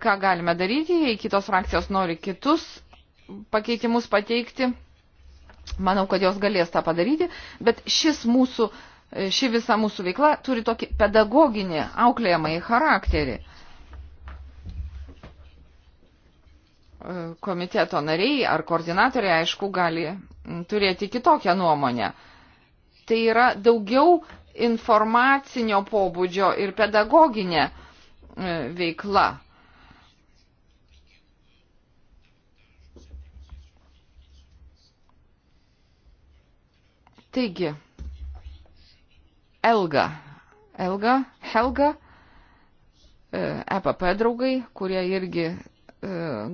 ką galime daryti, jei kitos frakcijos nori kitus pakeitimus pateikti Manau, kad jos galės tą padaryti, bet šis mūsų, e, ši visa mūsų veikla turi tokį pedagoginį auklėjamąjį charakterį. E, komiteto nariai ar koordinatoriai, aišku, gali turėti kitokią nuomonę. Tai yra daugiau informacinio pobūdžio ir pedagoginė e, veikla Taigi, Elga, Elga, Helga, EPP e draugai, kurie irgi e,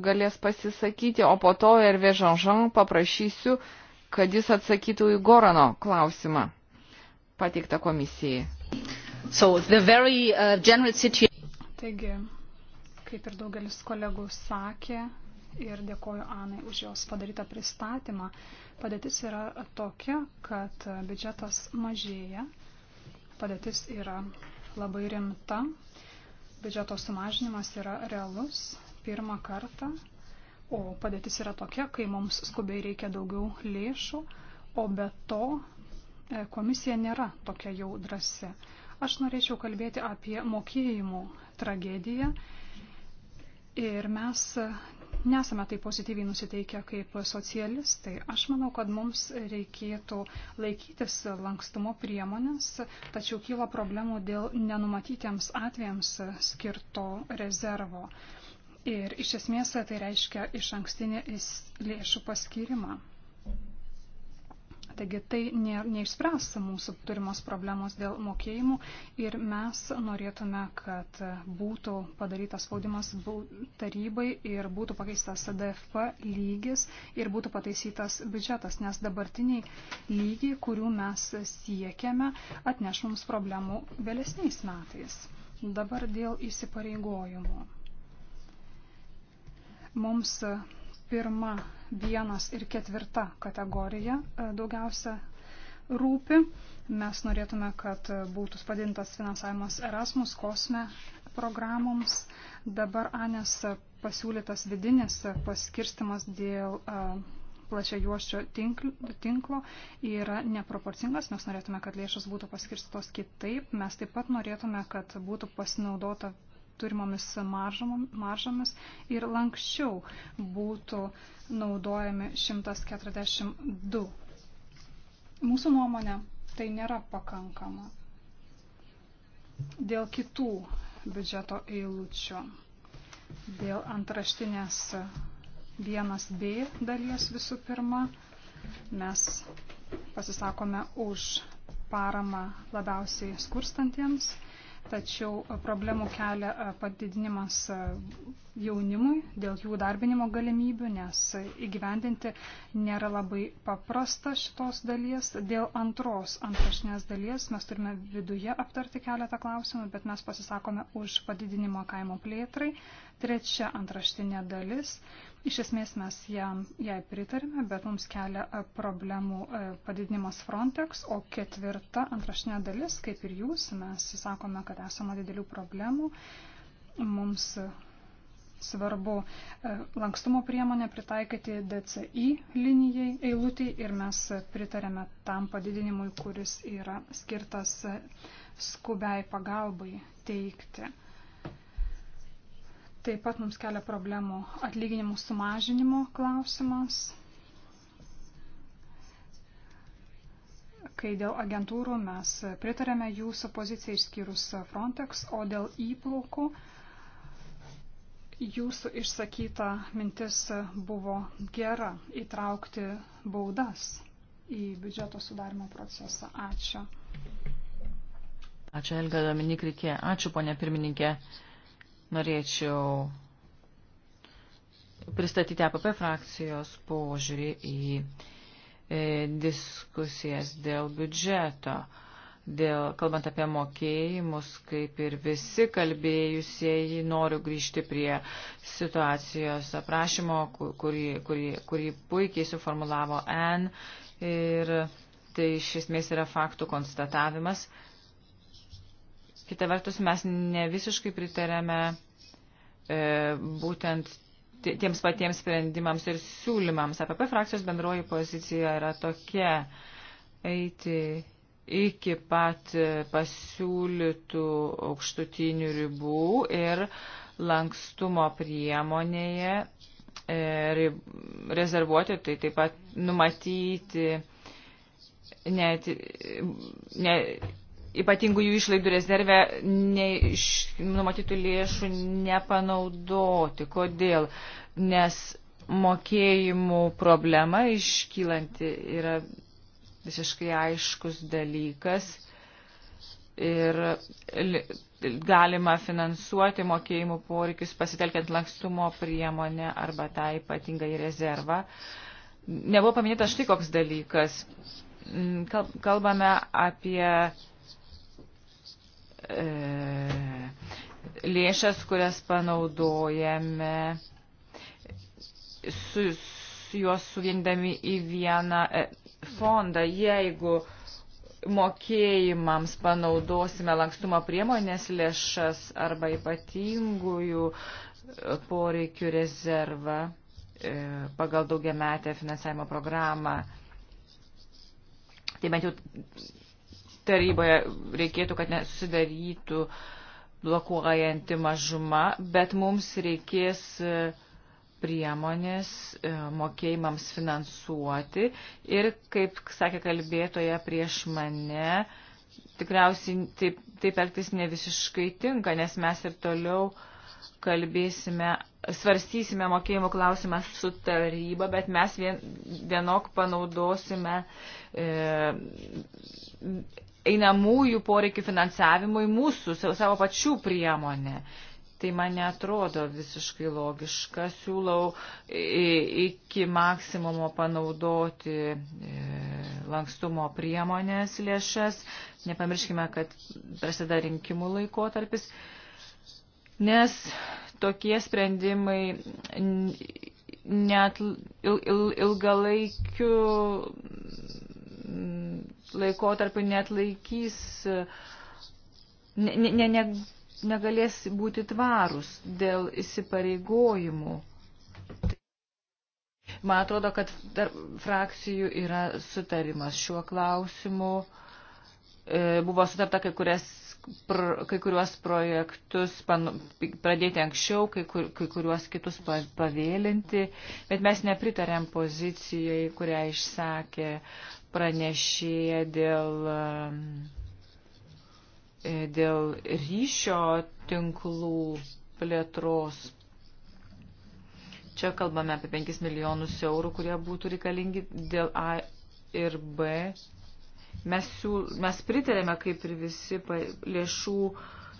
galės pasisakyti, o po to ir Vežanžan paprašysiu, kad jis atsakytų į Gorano klausimą pateiktą komisijai. So very, uh, Taigi, kaip ir daugelis kolegų sakė, ir dėkoju Anai už jos padarytą pristatymą. Padėtis yra tokia, kad biudžetas mažėja, padėtis yra labai rimta, biudžeto sumažinimas yra realus pirmą kartą, o padėtis yra tokia, kai mums skubiai reikia daugiau lėšų, o be to e, komisija nėra tokia jau drasi. Aš norėčiau kalbėti apie mokėjimų tragediją. Ir mes nesame taip pozityviai nusiteikę kaip socialistai. Aš manau, kad mums reikėtų laikytis lankstumo priemonės, tačiau kyla problemų dėl nenumatytiems atvejams skirto rezervo. Ir iš esmės tai reiškia iš ankstinį lėšų paskirimą. Taigi tai neišspręs mūsų turimos problemos dėl mokėjimų ir mes norėtume, kad būtų padarytas spaudimas tarybai ir būtų pakeistas DFP lygis ir būtų pataisytas biudžetas, nes dabartiniai lygiai, kurių mes siekiame, atneš mums problemų vėlesniais metais. Dabar dėl įsipareigojimų. Mums pirma, vienas ir ketvirta kategorija e, daugiausia rūpi. Mes norėtume, kad būtų padintas finansavimas Erasmus kosme programoms. Dabar Anės pasiūlytas vidinis paskirstimas dėl e, plačia juoščio tinklo yra neproporcingas. Mes norėtume, kad lėšas būtų paskirstytos kitaip. Mes taip pat norėtume, kad būtų pasinaudota turimomis maržomis ir lankščiau būtų naudojami 142. Mūsų nuomonė tai nėra pakankama. Dėl kitų biudžeto eilučių, dėl antraštinės 1b dalies visų pirma, mes pasisakome už paramą labiausiai skurstantiems tačiau e, problemų kelia e, padidinimas e, jaunimui dėl jų darbinimo galimybių, nes įgyvendinti nėra labai paprasta šitos dalies. Dėl antros antrašinės dalies mes turime viduje aptarti keletą klausimų, bet mes pasisakome už padidinimą kaimo plėtrai. Trečia antraštinė dalis Iš esmės mes jam, jai pritarime, bet mums kelia e, problemų e, padidinimas Frontex, o ketvirta antrašinė dalis, kaip ir jūs, mes sakome, kad esama didelių problemų. Mums svarbu e, lankstumo priemonę pritaikyti DCI linijai eilutį ir mes pritarėme tam padidinimui, kuris yra skirtas skubiai pagalbai teikti. Taip pat mums kelia problemų atlyginimų sumažinimo klausimas. Kai dėl agentūrų mes pritarėme jūsų poziciją išskyrus Frontex, o dėl įplaukų jūsų išsakyta mintis buvo gera įtraukti baudas į biudžeto sudarimo procesą. Ačiū. Ačiū Elga Dominik Rikė. Ačiū, ponė pirmininkė norėčiau pristatyti APP frakcijos požiūrį į e, diskusijas dėl biudžeto. Dėl, kalbant apie mokėjimus, kaip ir visi kalbėjusieji, noriu grįžti prie situacijos aprašymo, kurį, kurį, kurį puikiai suformulavo N. Ir tai iš esmės yra faktų konstatavimas. Kita vertus, mes ne visiškai pritarėme e, būtent tiems patiems sprendimams ir siūlymams. APP frakcijos bendroji pozicija yra tokia eiti iki pat pasiūlytų aukštutinių ribų ir lankstumo priemonėje e, rezervuoti, tai taip pat numatyti net, net ypatingų jų išlaidų rezervę ne, iš, numatytų lėšų nepanaudoti. Kodėl? Nes mokėjimų problema iškylanti yra visiškai aiškus dalykas ir galima finansuoti mokėjimų poreikius pasitelkiant lankstumo priemonę arba tą ypatingą į rezervą. Nebuvo paminėtas štai koks dalykas. Mm, kalbame apie E, lėšas, kurias panaudojame, su, su juos suvindami į vieną e, fondą. Jeigu mokėjimams panaudosime lankstumo priemonės lėšas arba ypatingųjų e, poreikių rezervą pagal daugiametę finansavimo programą. Tai bent jau taryboje reikėtų, kad nesusidarytų blokuojanti mažuma, bet mums reikės e, priemonės e, mokėjimams finansuoti ir, kaip sakė kalbėtoja prieš mane, tikriausiai taip, taip elgtis ne visiškai tinka, nes mes ir toliau kalbėsime, svarstysime mokėjimų klausimą su taryba, bet mes vien, vienok panaudosime e, einamųjų poreikių finansavimui mūsų, savo pačių priemonė. Tai man netrodo visiškai logiška. Siūlau iki maksimumo panaudoti e, lankstumo priemonės lėšas. Nepamirškime, kad prasideda rinkimų laikotarpis, nes tokie sprendimai net ilgalaikiu laikotarpiu net laikys, ne, ne, ne, negalės būti tvarus dėl įsipareigojimų. Man atrodo, kad tarp frakcijų yra sutarimas šiuo klausimu. E, buvo sutarta kai, kurias, kai kuriuos projektus panu, pradėti anksčiau, kai, kur, kai kuriuos kitus pavėlinti, bet mes nepritarėm pozicijai, kurią išsakė pranešėja dėl, e, dėl ryšio tinklų plėtros. Čia kalbame apie 5 milijonus eurų, kurie būtų reikalingi dėl A ir B. Mes, siūl, mes pritarėme, kaip ir visi, pa, lėšų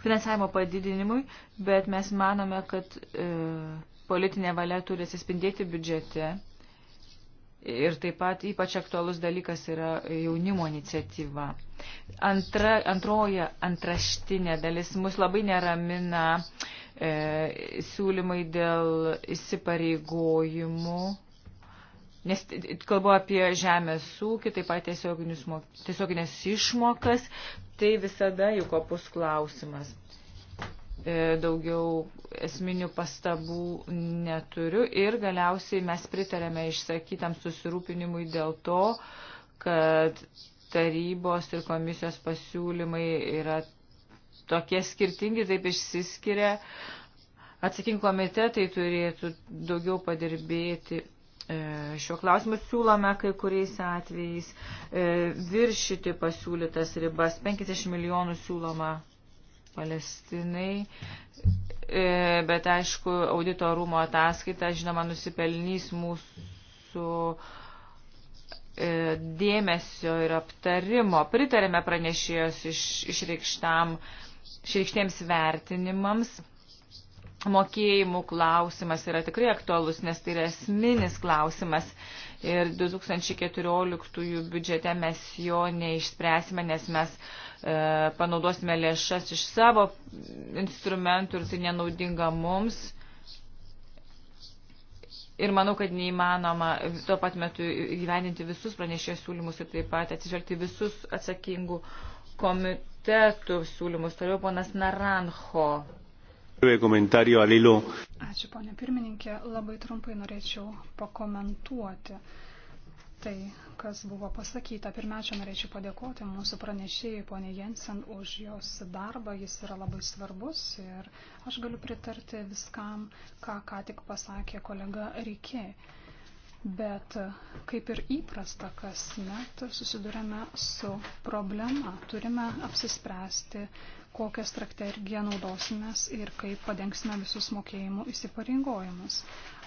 finansavimo padidinimui, bet mes manome, kad e, politinė valia turi atsispindėti biudžete Ir taip pat ypač aktualus dalykas yra jaunimo iniciatyva. Antra, antroji antraštinė dalis mus labai neramina e, siūlymai dėl įsipareigojimų. Nes kalbu apie žemės ūkį, taip pat tiesioginės išmokas, tai visada juk opus klausimas. E, daugiau esminių pastabų neturiu ir galiausiai mes pritarėme išsakytam susirūpinimui dėl to, kad tarybos ir komisijos pasiūlymai yra tokie skirtingi, taip išsiskiria. Atsakingi komitetai turėtų daugiau padirbėti e, Šiuo klausimu siūlome kai kuriais atvejais e, viršyti pasiūlytas ribas. 50 milijonų siūloma Palestinai, e, bet aišku, audito rūmo ataskaita, žinoma, nusipelnys mūsų e, dėmesio ir aptarimo. Pritarėme pranešėjos iš, išreikštam, išreikštiems vertinimams. Mokėjimų klausimas yra tikrai aktualus, nes tai yra esminis klausimas ir 2014 biudžete mes jo neišspręsime, nes mes uh, E, panaudosime lėšas iš savo instrumentų ir tai nenaudinga mums. Ir manau, kad neįmanoma tuo pat metu gyveninti visus pranešėjų siūlymus ir taip pat atsižvelgti visus atsakingų komitetų siūlymus. Toliau ponas Naranjo. Ačiū, ponė pirmininkė. Labai trumpai norėčiau pakomentuoti tai, kas buvo pasakyta. Pirmiausia, norėčiau padėkoti mūsų pranešėjai, ponė Jensen, už jos darbą. Jis yra labai svarbus ir aš galiu pritarti viskam, ką ką tik pasakė kolega Rikė. Bet kaip ir įprasta, kasmet susidurėme su problema. Turime apsispręsti, kokią strategiją naudosimės ir kaip padengsime visus mokėjimų įsipareigojimus.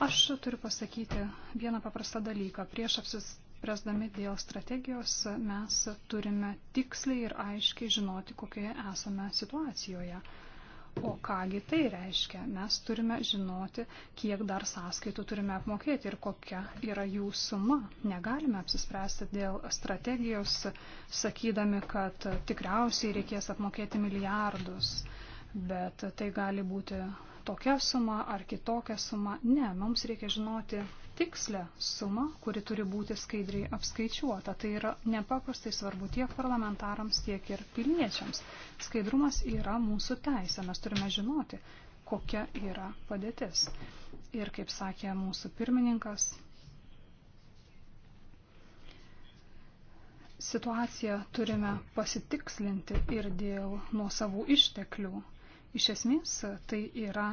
Aš turiu pasakyti vieną paprastą dalyką. Prieš apsispręsdami dėl strategijos mes turime tiksliai ir aiškiai žinoti, kokioje esame situacijoje. O kągi tai reiškia? Mes turime žinoti, kiek dar sąskaitų turime apmokėti ir kokia yra jų suma. Negalime apsispręsti dėl strategijos, sakydami, kad tikriausiai reikės apmokėti milijardus, bet tai gali būti tokia suma ar kitokia suma. Ne, mums reikia žinoti tikslę sumą, kuri turi būti skaidriai apskaičiuota. Tai yra nepaprastai svarbu tiek parlamentarams, tiek ir piliečiams. Skaidrumas yra mūsų teisė. Mes turime žinoti, kokia yra padėtis. Ir kaip sakė mūsų pirmininkas, situaciją turime pasitikslinti ir dėl nuosavų išteklių Iš esmės tai yra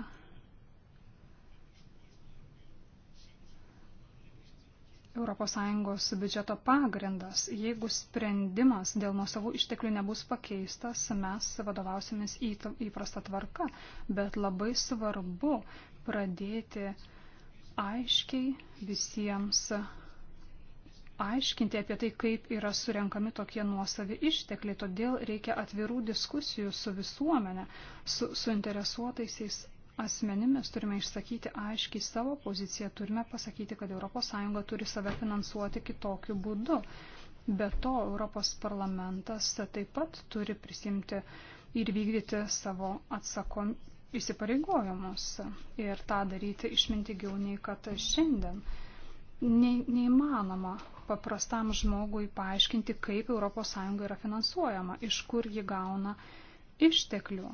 ES biudžeto pagrindas. Jeigu sprendimas dėl nuosavų išteklių nebus pakeistas, mes vadovausimės įprasta tvarka, bet labai svarbu pradėti aiškiai visiems aiškinti apie tai, kaip yra surenkami tokie nuosavi ištekliai. Todėl reikia atvirų diskusijų su visuomenė, su suinteresuotaisiais asmenimis. Turime išsakyti aiškiai savo poziciją, turime pasakyti, kad ES turi save finansuoti kitokiu būdu. Be to, Europos parlamentas taip pat turi prisimti ir vykdyti savo atsakom įsipareigojimus ir tą daryti išmintigiau nei kad šiandien. Nei, neįmanoma paprastam žmogui paaiškinti, kaip ES yra finansuojama, iš kur ji gauna išteklių.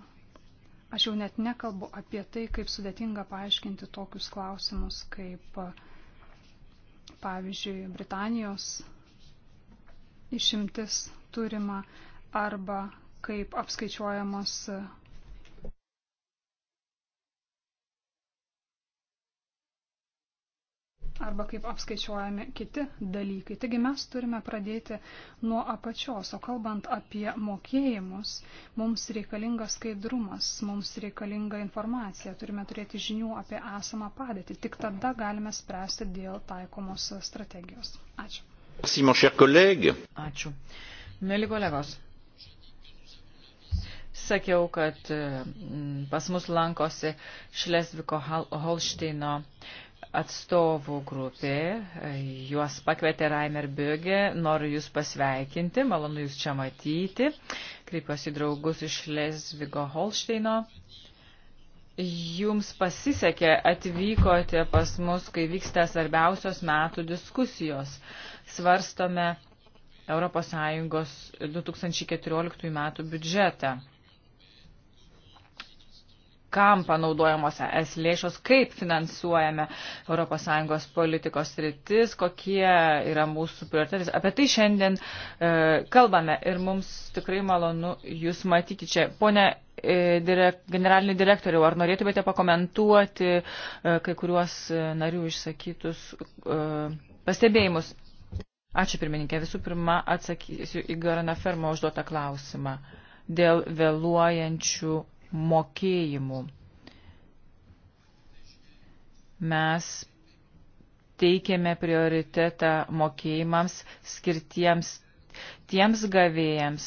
Aš jau net nekalbu apie tai, kaip sudėtinga paaiškinti tokius klausimus, kaip pavyzdžiui Britanijos išimtis turima arba kaip apskaičiuojamos arba kaip apskaičiuojami kiti dalykai. Taigi mes turime pradėti nuo apačios, o kalbant apie mokėjimus, mums reikalingas skaidrumas, mums reikalinga informacija, turime turėti žinių apie esamą padėtį. Tik tada galime spręsti dėl taikomos strategijos. Ačiū. Ačiū. Mėly kolegos, sakiau, kad mm, pas mus lankosi Šlesviko Holšteino. -Hol atstovų grupė. Juos pakvietė Raimer Böge. Noriu Jūs pasveikinti, malonu Jūs čia matyti. Kreipiuosi draugus iš Lesvigo Holšteino. Jums pasisekė, atvykote pas mus, kai vyksta svarbiausios metų diskusijos. Svarstome ES 2014 metų biudžetą kam panaudojamos es lėšos, kaip finansuojame ES politikos rytis, kokie yra mūsų prioritetis. Apie tai šiandien e, kalbame ir mums tikrai malonu Jūs matyti čia. Pone e, direk, generalinį direktorių, ar norėtumėte pakomentuoti e, kai kuriuos e, narių išsakytus e, pastebėjimus? Ačiū pirmininkė. Visų pirma, atsakysiu į Garana Fermo užduotą klausimą dėl vėluojančių mokėjimų. Mes teikėme prioritetą mokėjimams skirtiems tiems gavėjams,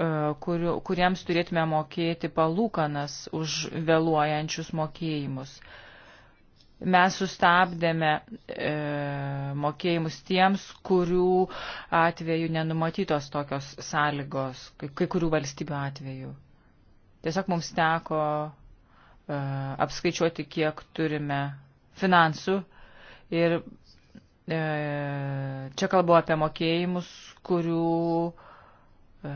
e, kuriu, kuriems turėtume mokėti palūkanas už vėluojančius mokėjimus. Mes sustabdėme e, mokėjimus tiems, kurių atveju nenumatytos tokios sąlygos, kai, kai kurių valstybių atveju. Tiesiog mums teko uh, apskaičiuoti, kiek turime finansų ir uh, čia kalbu apie mokėjimus, kurių uh,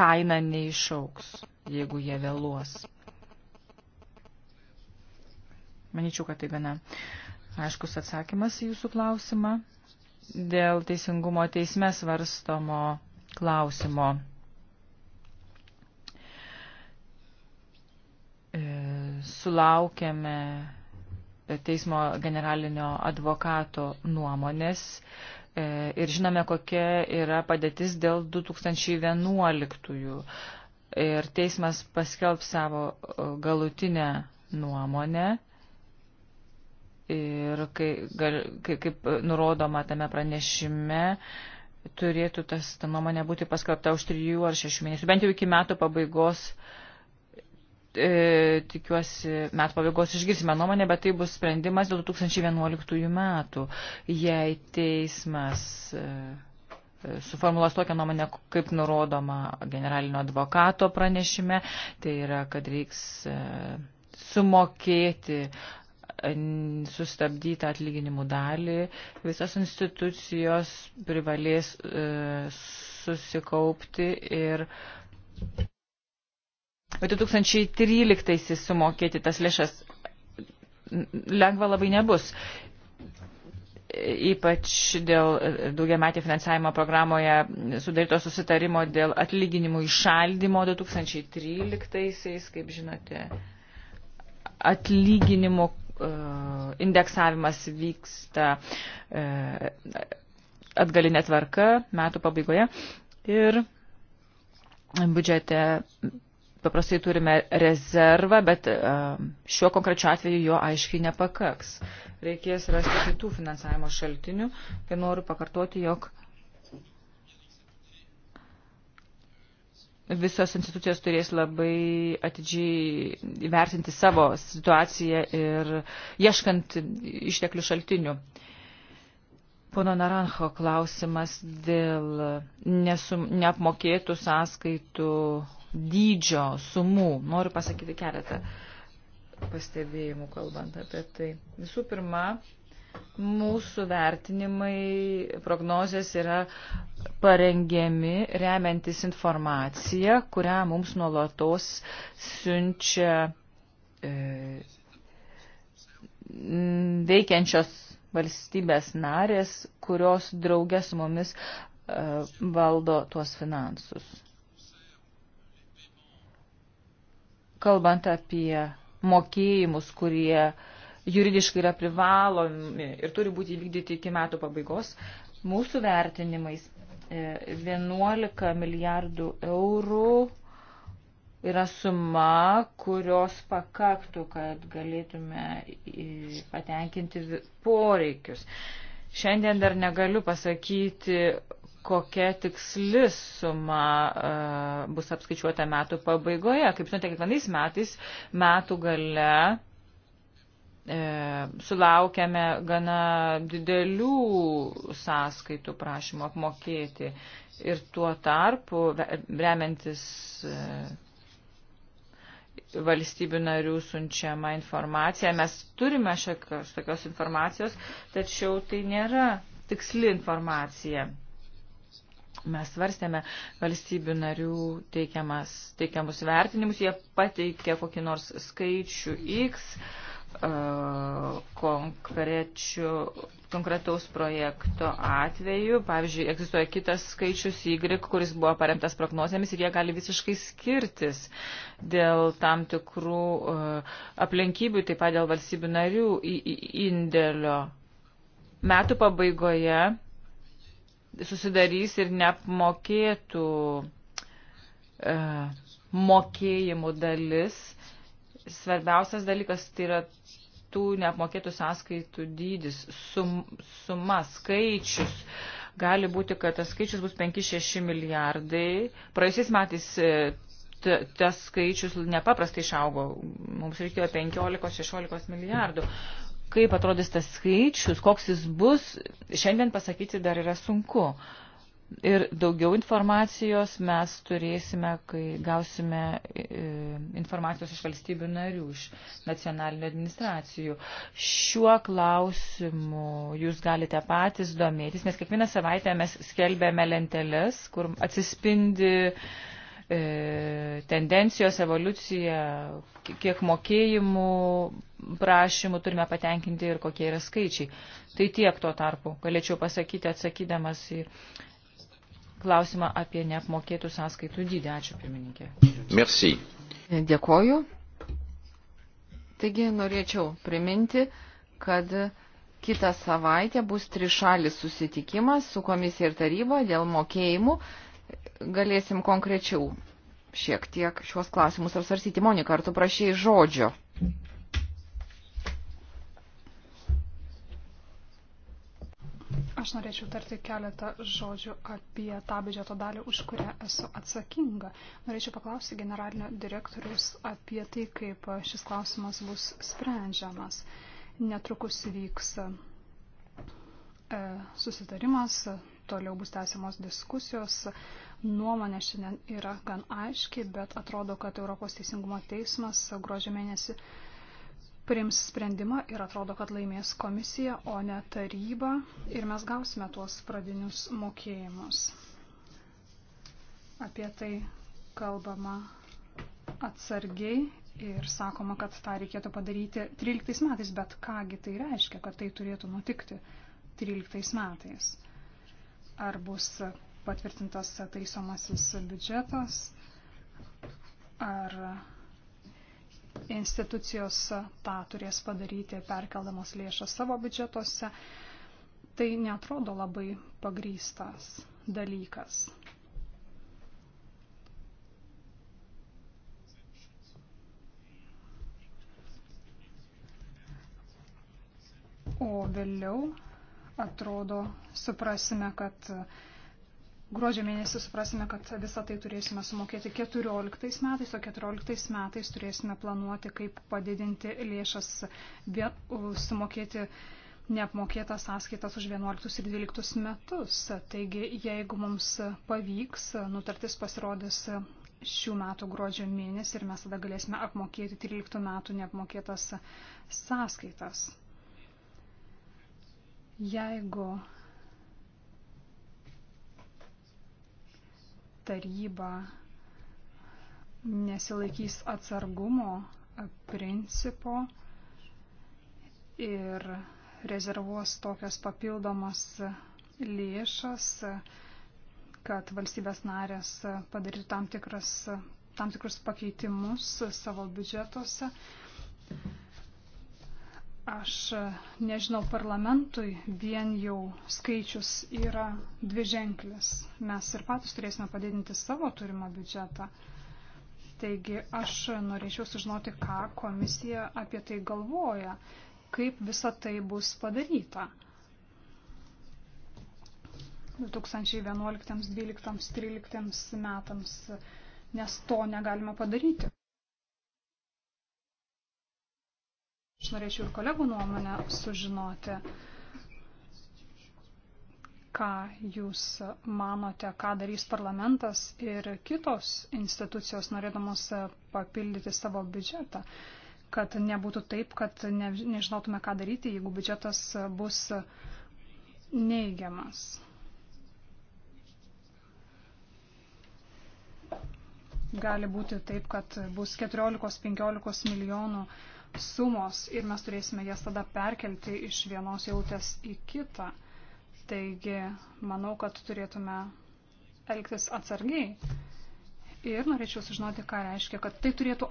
kaina neišauks, jeigu jie vėluos. Manyčiau, kad tai gana aiškus atsakymas į jūsų klausimą dėl teisingumo teisme svarstomo klausimo. sulaukėme teismo generalinio advokato nuomonės e, ir žinome, kokia yra padėtis dėl 2011. Ir teismas paskelb savo e, galutinę nuomonę. Ir kai, gal, kai, kaip nurodoma tame pranešime, turėtų tas, ta nuomonė būti paskelbta už trijų ar šešių mėnesių, bent jau iki metų pabaigos uh, e, tikiuosi, metų pabaigos išgirsime nuomonę, bet tai bus sprendimas dėl 2011 metų. Jei teismas e, e, suformulas tokią nuomonę, kaip nurodoma generalinio advokato pranešime, tai yra, kad reiks e, sumokėti e, sustabdytą atlyginimų dalį, visas institucijos privalės e, susikaupti ir 2013 sumokėti tas lėšas lengva labai nebus. Ypač dėl daugiametį finansavimo programoje sudaryto susitarimo dėl atlyginimų išaldymo 2013, kaip žinote, atlyginimų e, indeksavimas vyksta e, atgalinė tvarka metų pabaigoje ir biudžete paprastai turime rezervą, bet e, šiuo konkrečiu atveju jo aiškiai nepakaks. Reikės rasti kitų finansavimo šaltinių ir noriu pakartoti, jog visos institucijos turės labai atidžiai įvertinti savo situaciją ir ieškant išteklių šaltinių. Pono Naranjo klausimas dėl nesum, neapmokėtų sąskaitų dydžio sumų. Noriu pasakyti keletą pastebėjimų, kalbant apie tai. Visų pirma, mūsų vertinimai, prognozijas yra parengiami remiantis informacija, kurią mums nuolatos siunčia e, veikiančios valstybės narės, kurios draugė su mumis e, valdo tuos finansus. kalbant apie mokėjimus, kurie juridiškai yra privalomi ir turi būti įvykdyti iki metų pabaigos, mūsų vertinimais 11 e, milijardų eurų yra suma, kurios pakaktų, kad galėtume patenkinti poreikius. Šiandien dar negaliu pasakyti, kokia tiksli suma uh, bus apskaičiuota metų pabaigoje. Kaip žinote, kiekvienais metais metų gale e, sulaukiame gana didelių sąskaitų prašymų apmokėti. Ir tuo tarpu, remiantis e, valstybių narių sunčiama informacija, mes turime šiokios tokios informacijos, tačiau tai nėra tiksli informacija. Mes svarstėme valstybių narių teikiamas, teikiamus vertinimus, jie pateikė kokį nors skaičių X e, konkretaus projekto atveju. Pavyzdžiui, egzistuoja kitas skaičius Y, kuris buvo paremtas prognozėmis ir jie gali visiškai skirtis dėl tam tikrų e, aplinkybių, taip pat dėl valstybių narių indėlio. Metų pabaigoje susidarys ir neapmokėtų e, mokėjimų dalis. Svarbiausias dalykas tai yra tų neapmokėtų sąskaitų dydis, sum, suma, skaičius. Gali būti, kad tas skaičius bus 5-6 milijardai. Praėjusiais metais e, tas skaičius nepaprastai išaugo. Mums reikėjo 15-16 milijardų kaip atrodys tas skaičius, koks jis bus, šiandien pasakyti dar yra sunku. Ir daugiau informacijos mes turėsime, kai gausime e, informacijos iš valstybių narių, iš nacionalinių administracijų. Šiuo klausimu jūs galite patys domėtis, nes kiekvieną savaitę mes skelbėme lenteles, kur atsispindi uh, E, tendencijos, evoliucija, kiek mokėjimų prašymų turime patenkinti ir kokie yra skaičiai. Tai tiek tuo tarpu galėčiau pasakyti atsakydamas į klausimą apie neapmokėtų sąskaitų dydį. Ačiū, pirmininkė. Merci. Dėkoju. Taigi norėčiau priminti, kad kitą savaitę bus trišalis susitikimas su komisija ir taryba dėl mokėjimų galėsim konkrečiau šiek tiek šios klausimus apsvarsyti. Monika, ar tu prašėjai žodžio? Aš norėčiau tarti keletą žodžių apie tą biudžeto dalį, už kurią esu atsakinga. Norėčiau paklausti generalinio direktorius apie tai, kaip šis klausimas bus sprendžiamas. Netrukus vyks e, susitarimas toliau bus tęsiamos diskusijos. Nuomonė šiandien yra gan aiški, bet atrodo, kad Europos Teisingumo teismas gruožio mėnesį priims sprendimą ir atrodo, kad laimės komisija, o ne taryba ir mes gausime tuos pradinius mokėjimus. Apie tai kalbama atsargiai ir sakoma, kad tą reikėtų padaryti 13 metais, bet kągi tai reiškia, kad tai turėtų nutikti 13 metais ar bus patvirtintas taisomasis biudžetas, ar institucijos tą turės padaryti perkeldamos lėšas savo biudžetuose, tai netrodo labai pagrystas dalykas. O vėliau atrodo, suprasime, kad gruodžio mėnesį suprasime, kad visą tai turėsime sumokėti 14 metais, o 14 metais turėsime planuoti, kaip padidinti lėšas, sumokėti neapmokėtas sąskaitas už 11 ir 12 metus. Taigi, jeigu mums pavyks, nutartis pasirodys šių metų gruodžio mėnesį ir mes tada galėsime apmokėti 13 metų neapmokėtas sąskaitas. Jeigu taryba nesilaikys atsargumo principo ir rezervuos tokias papildomas lėšas, kad valstybės narės padarytų tam, tikras, tam tikrus pakeitimus savo biudžetuose. Aš e, nežinau, parlamentui vien jau skaičius yra dviženklis. Mes ir patys turėsime padidinti savo turimą biudžetą. Taigi aš norėčiau sužinoti, ką komisija apie tai galvoja, kaip visa tai bus padaryta. 2011, 2012, 2013 metams, nes to negalima padaryti. Aš norėčiau ir kolegų nuomonę sužinoti, ką jūs manote, ką darys parlamentas ir kitos institucijos, norėdamos papildyti savo biudžetą, kad nebūtų taip, kad ne, nežinotume, ką daryti, jeigu biudžetas bus neigiamas. Gali būti taip, kad bus 14-15 milijonų sumos ir mes turėsime jas tada perkelti iš vienos jautės į kitą. Taigi, manau, kad turėtume elgtis atsargiai. Ir norėčiau sužinoti, ką reiškia, kad tai turėtų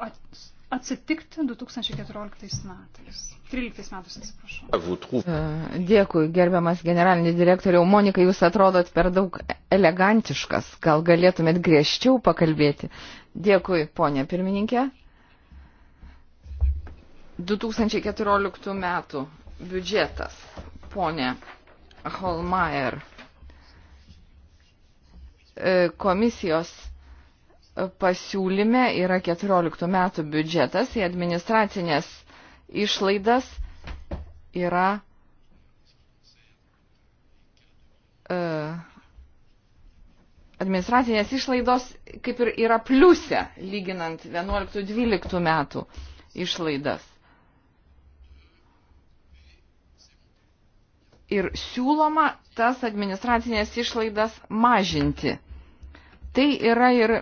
atsitikti 2014 metais. 13 metais, atsiprašau. E, dėkui, gerbiamas generalinis direktoriau. Monika, jūs atrodot per daug elegantiškas. Gal galėtumėt griežčiau pakalbėti? Dėkui, ponė pirmininkė. 2014 metų biudžetas, ponė Holmeier, e, komisijos pasiūlyme yra 14 metų biudžetas, į administracinės išlaidas yra e, administracinės išlaidos kaip ir yra pliuse, lyginant 11-12 metų išlaidas. ir siūloma tas administracinės išlaidas mažinti. Tai yra ir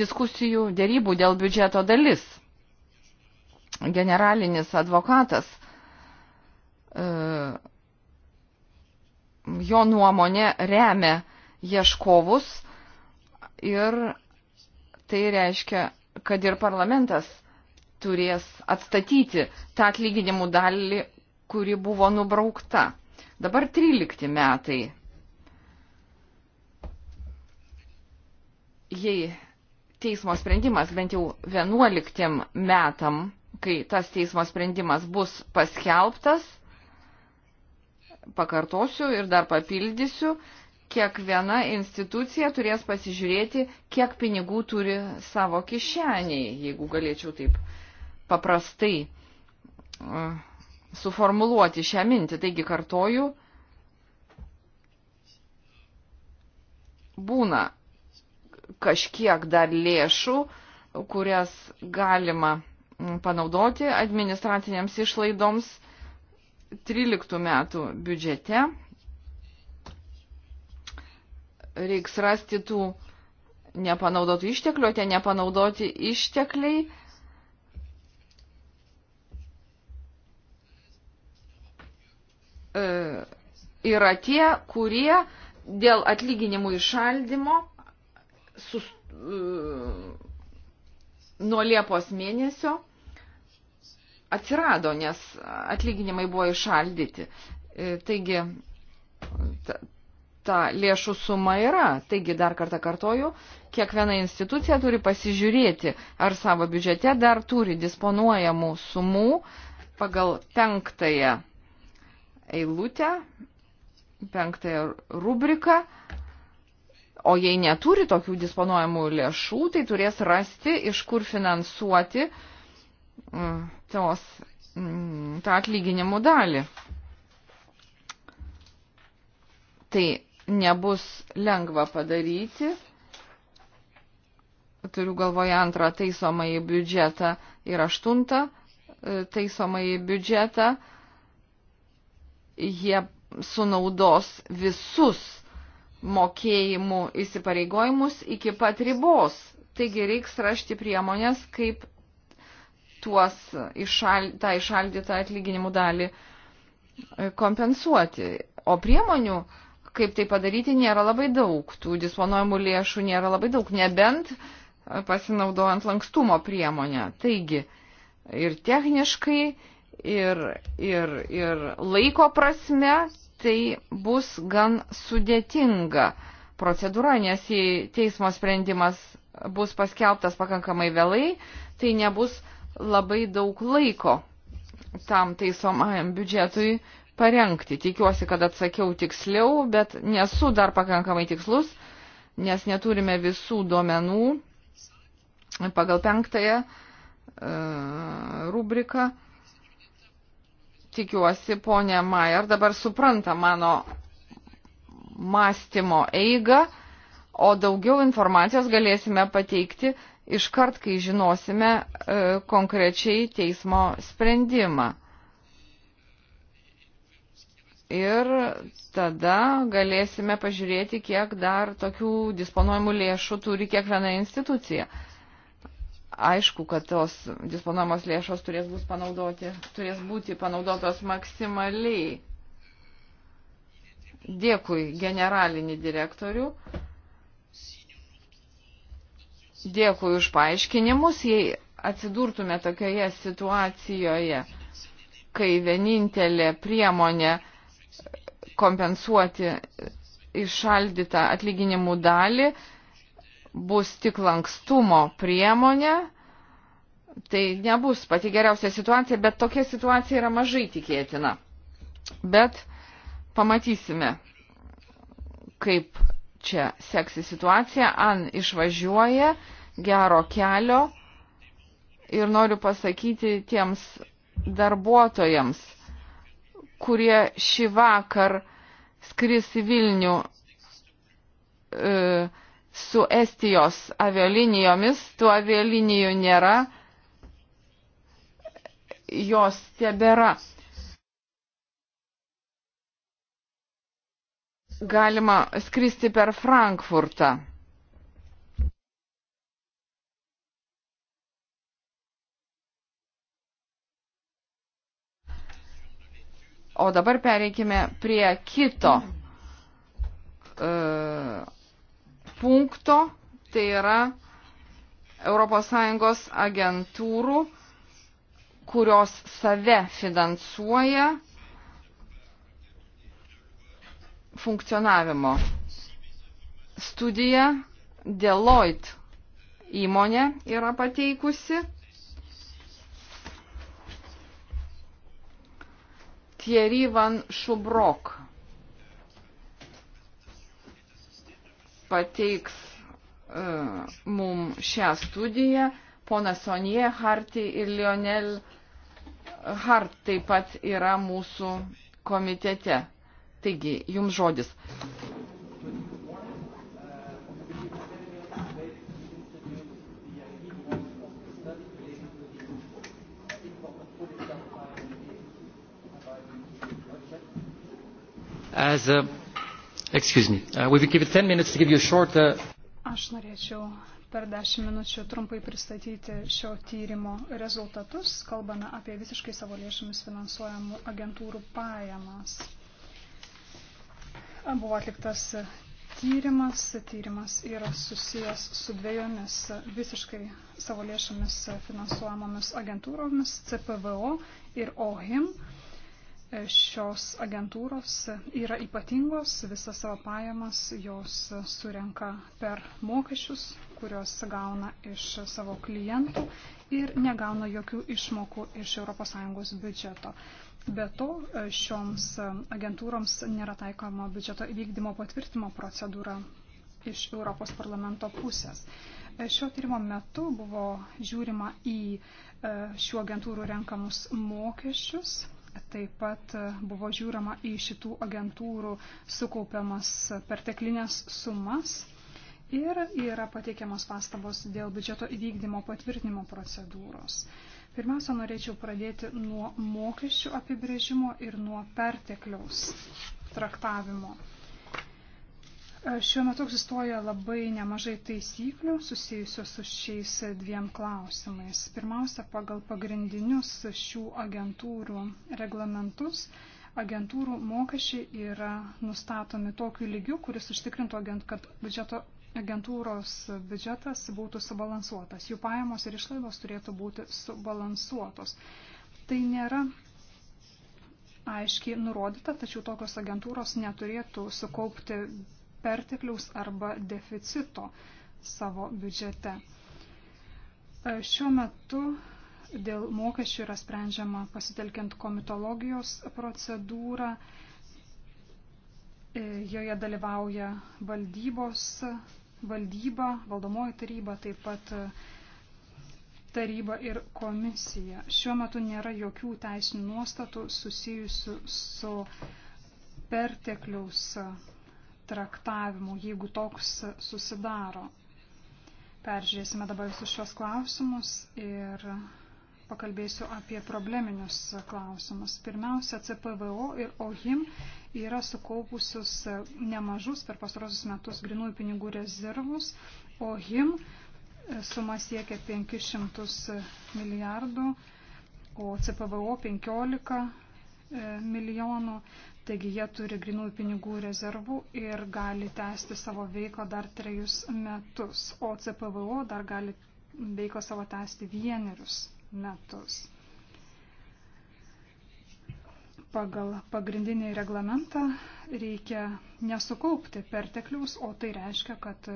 diskusijų dėrybų dėl biudžeto dalis. Generalinis advokatas, e, jo nuomonė remia ieškovus ir tai reiškia, kad ir parlamentas turės atstatyti tą atlyginimų dalį, kuri buvo nubraukta. Dabar 13 metai. Jei teismo sprendimas bent jau 11 metam, kai tas teismo sprendimas bus paskelbtas, pakartosiu ir dar papildysiu, kiekviena institucija turės pasižiūrėti, kiek pinigų turi savo kišeniai, jeigu galėčiau taip paprastai uh, suformuluoti šią mintį. Taigi kartoju, būna kažkiek dar lėšų, kurias galima panaudoti administracinėms išlaidoms 13 metų biudžete. Reiks rasti tų nepanaudotų išteklių, tie nepanaudoti ištekliai E, yra tie, kurie dėl atlyginimų išaldymo sus, e, nuo Liepos mėnesio atsirado, nes atlyginimai buvo išaldyti. E, taigi, ta, ta lėšų suma yra. Taigi, dar kartą kartoju, kiekviena institucija turi pasižiūrėti, ar savo biudžete dar turi disponuojamų sumų pagal penktąją eilutę, penktąją rubriką. O jei neturi tokių disponuojamų lėšų, tai turės rasti, iš kur finansuoti mm, tos, mm, tą atlyginimų dalį. Tai nebus lengva padaryti. Turiu galvoje antrą taisomąjį biudžetą ir aštuntą e, taisomąjį biudžetą jie sunaudos visus mokėjimų įsipareigojimus iki pat ribos. Taigi reiks rašti priemonės, kaip tuos išal, tą išaldytą atlyginimų dalį e, kompensuoti. O priemonių, kaip tai padaryti, nėra labai daug. Tų disponuojamų lėšų nėra labai daug, nebent e, pasinaudojant lankstumo priemonę. Taigi ir techniškai, ir, ir, ir laiko prasme tai bus gan sudėtinga procedūra, nes jei teismo sprendimas bus paskelbtas pakankamai vėlai, tai nebus labai daug laiko tam teisomajam biudžetui parengti. Tikiuosi, kad atsakiau tiksliau, bet nesu dar pakankamai tikslus, nes neturime visų duomenų pagal penktąją e, rubriką tikiuosi, ponė Majer dabar supranta mano mąstymo eigą, o daugiau informacijos galėsime pateikti iškart, kai žinosime e, konkrečiai teismo sprendimą. Ir tada galėsime pažiūrėti, kiek dar tokių disponuojamų lėšų turi kiekviena institucija. E, aišku, kad tos disponuojamos lėšos turės, bus panaudoti, turės būti panaudotos maksimaliai. Dėkui generalinį direktorių. Dėkui už paaiškinimus, jei atsidurtume tokioje situacijoje, kai vienintelė priemonė kompensuoti išaldytą atlyginimų dalį bus tik lankstumo priemonė, tai nebus pati geriausia situacija, bet tokia situacija yra mažai tikėtina. Bet pamatysime, kaip čia seksi situacija. An išvažiuoja gero kelio ir noriu pasakyti tiems darbuotojams, kurie šį vakar skris į Vilnių. E, su Estijos avialinijomis, tų avialinijų nėra, jos tebėra. Galima skristi per Frankfurtą. O dabar pereikime prie kito. Uh, punkto, tai yra ES agentūrų, kurios save finansuoja funkcionavimo. Studija Deloitte įmonė yra pateikusi. Thierry Van Šubrok pateiks uh, mum šią studiją. Ponas Sonie Harti ir Lionel Hart taip pat yra mūsų komitete. Taigi, jums žodis. as a Excuse me. Uh, we will give it 10 minutes to give you a short... Uh... Aš norėčiau per 10 minučių trumpai pristatyti šio tyrimo rezultatus. Kalbame apie visiškai savo lėšomis finansuojamų agentūrų pajamas. Buvo atliktas tyrimas. Tyrimas yra susijęs su dviejomis visiškai savo lėšomis finansuojamomis agentūromis CPVO ir OHIM. Šios agentūros yra ypatingos, visas savo pajamas jos surenka per mokesčius, kuriuos gauna iš savo klientų ir negauna jokių išmokų iš ES biudžeto. Be to, šioms agentūroms nėra taikoma biudžeto įvykdymo patvirtimo procedūra iš Europos parlamento pusės. Šio tyrimo metu buvo žiūrima į šių agentūrų renkamus mokesčius Taip pat e, buvo žiūrama į šitų agentūrų sukaupiamas perteklinės sumas ir yra pateikiamos pastabos dėl biudžeto įvykdymo patvirtinimo procedūros. Pirmiausia, norėčiau pradėti nuo mokesčių apibrėžimo ir nuo pertekliaus traktavimo. E, šiuo metu egzistuoja labai nemažai taisyklių susijusios su šiais dviem klausimais. Pirmiausia, pagal pagrindinius šių agentūrų reglamentus agentūrų mokesčiai yra nustatomi tokiu lygiu, kuris užtikrintų, agent, kad biudžeto, agentūros biudžetas būtų subalansuotas. Jų pajamos ir išlaidos turėtų būti subalansuotos. Tai nėra aiškiai nurodyta, tačiau tokios agentūros neturėtų sukaupti pertekliaus arba deficito savo biudžete. E, šiuo metu dėl mokesčių yra sprendžiama pasitelkiant komitologijos procedūrą. E, joje dalyvauja valdybos, valdyba, valdomoji taryba, taip pat e, taryba ir komisija. Šiuo metu nėra jokių teisinių nuostatų susijusių su pertekliaus traktavimu, jeigu toks susidaro. Peržiūrėsime dabar visus šios klausimus ir pakalbėsiu apie probleminius klausimus. Pirmiausia, CPVO ir OHIM yra sukaupusius nemažus per pastarosius metus grinųjų pinigų rezervus. OHIM suma siekia 500 milijardų, o CPVO 15 e, milijonų. Taigi jie turi grinųjų pinigų rezervų ir gali tęsti savo veiklą dar trejus metus, o CPVO dar gali veiklą savo tęsti vienerius metus. Pagal pagrindinį reglamentą reikia nesukaupti perteklius, o tai reiškia, kad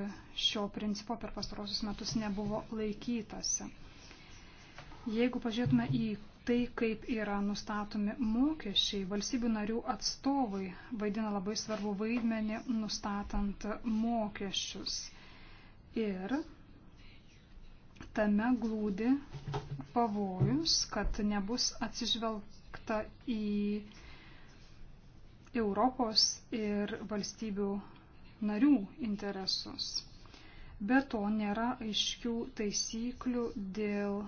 šio principo per pastarosius metus nebuvo laikytasi. Jeigu pažiūrėtume į tai, kaip yra nustatomi mokesčiai, valstybių narių atstovai vaidina labai svarbu vaidmenį nustatant mokesčius. Ir tame glūdi pavojus, kad nebus atsižvelgta į Europos ir valstybių narių interesus. Be to nėra aiškių taisyklių dėl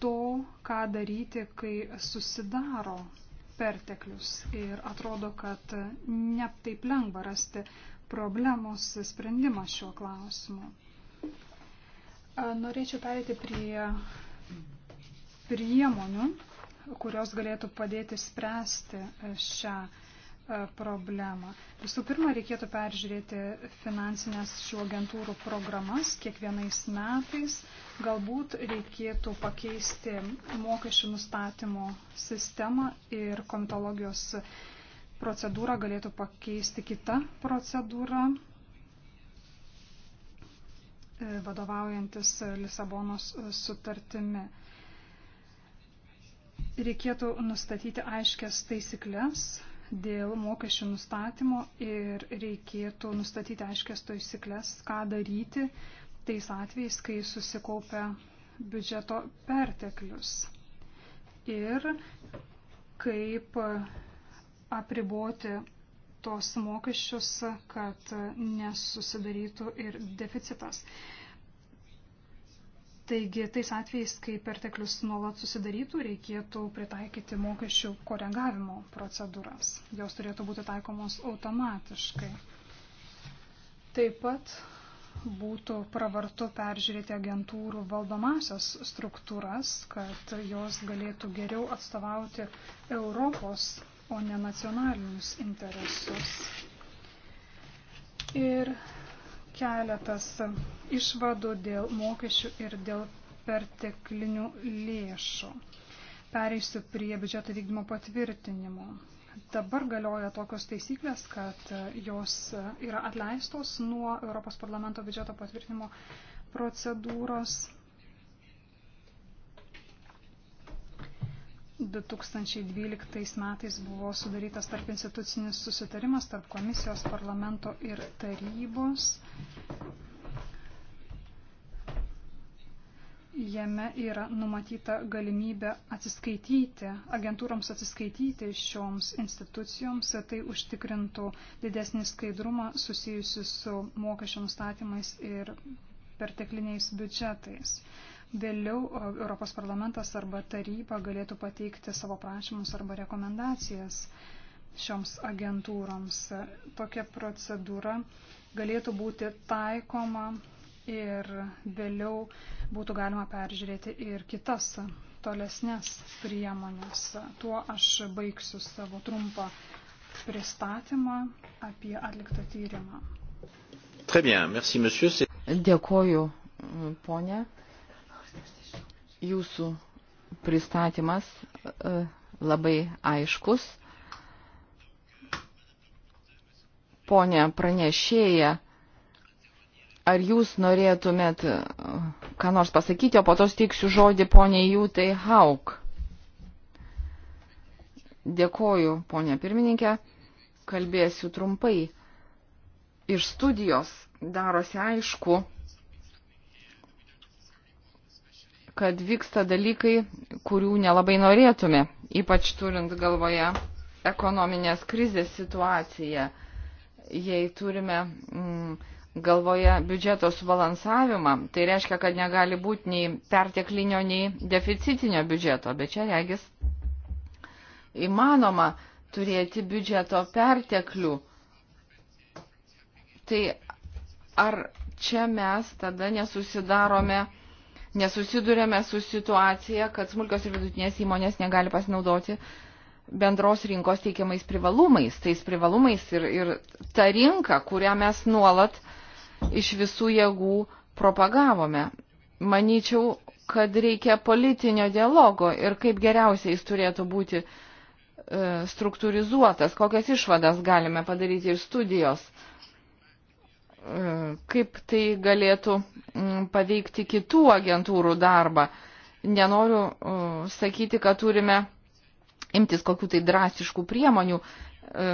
to, ką daryti, kai susidaro perteklius. Ir atrodo, kad ne taip lengva rasti problemos sprendimą šiuo klausimu. Norėčiau perėti prie priemonių, kurios galėtų padėti spręsti šią problemą E, problemą. Visų pirma, reikėtų peržiūrėti finansinės šių agentūrų programas kiekvienais metais. Galbūt reikėtų pakeisti mokesčių nustatymo sistemą ir komitologijos procedūrą galėtų pakeisti kita procedūra, e, vadovaujantis Lisabonos sutartimi reikėtų nustatyti aiškias taisyklės dėl mokesčių nustatymo ir reikėtų nustatyti aiškės taisyklės, ką daryti tais atvejais, kai susikaupia biudžeto perteklius ir kaip apriboti tos mokesčius, kad nesusidarytų ir deficitas. Taigi, tais atvejais, kai perteklius nuolat susidarytų, reikėtų pritaikyti mokesčių koregavimo procedūras. Jos turėtų būti taikomos automatiškai. Taip pat būtų pravartu peržiūrėti agentūrų valdomasias struktūras, kad jos galėtų geriau atstovauti Europos, o ne nacionalinius interesus. Ir keletas išvadų dėl mokesčių ir dėl perteklinių lėšų. Pereisiu prie biudžeto vykdymo patvirtinimo. Dabar galioja tokios taisyklės, kad jos yra atleistos nuo Europos parlamento biudžeto patvirtinimo procedūros. 2012 metais buvo sudarytas tarp institucinis susitarimas tarp komisijos, parlamento ir tarybos Jame yra numatyta galimybė atsiskaityti, agentūroms atsiskaityti šioms institucijoms, tai užtikrintų didesnį skaidrumą susijusi su mokesčio nustatymais ir pertekliniais biudžetais. Vėliau Europos parlamentas arba taryba galėtų pateikti savo prašymus arba rekomendacijas šioms agentūroms. Tokia procedūra galėtų būti taikoma ir vėliau būtų galima peržiūrėti ir kitas tolesnės priemonės. Tuo aš baigsiu savo trumpą pristatymą apie atliktą tyrimą. Très bien, merci monsieur. Dėkoju, ponė. Jūsų pristatymas e, labai aiškus ponė pranešėja, ar jūs norėtumėt e, ką nors pasakyti, o po to steiksiu žodį ponė Jūtai Hauk. Dėkoju, ponė pirmininkė, kalbėsiu trumpai. Iš studijos darosi aišku, kad vyksta dalykai, kurių nelabai norėtume, ypač turint galvoje ekonominės krizės situaciją jei turime mm, galvoje biudžeto subalansavimą, tai reiškia, kad negali būti nei perteklinio, nei deficitinio biudžeto, bet čia regis įmanoma turėti biudžeto perteklių. Tai ar čia mes tada nesusidarome, nesusidurėme su situacija, kad smulkios ir vidutinės įmonės negali pasinaudoti uh, bendros rinkos teikiamais privalumais, tais privalumais ir, ir ta rinka, kurią mes nuolat iš visų jėgų propagavome. Manyčiau, kad reikia politinio dialogo ir kaip geriausiai jis turėtų būti e, struktūrizuotas, kokias išvadas galime padaryti ir studijos, e, kaip tai galėtų m, paveikti kitų agentūrų darbą. Nenoriu e, sakyti, kad turime imtis kokių tai drastiškų priemonių e,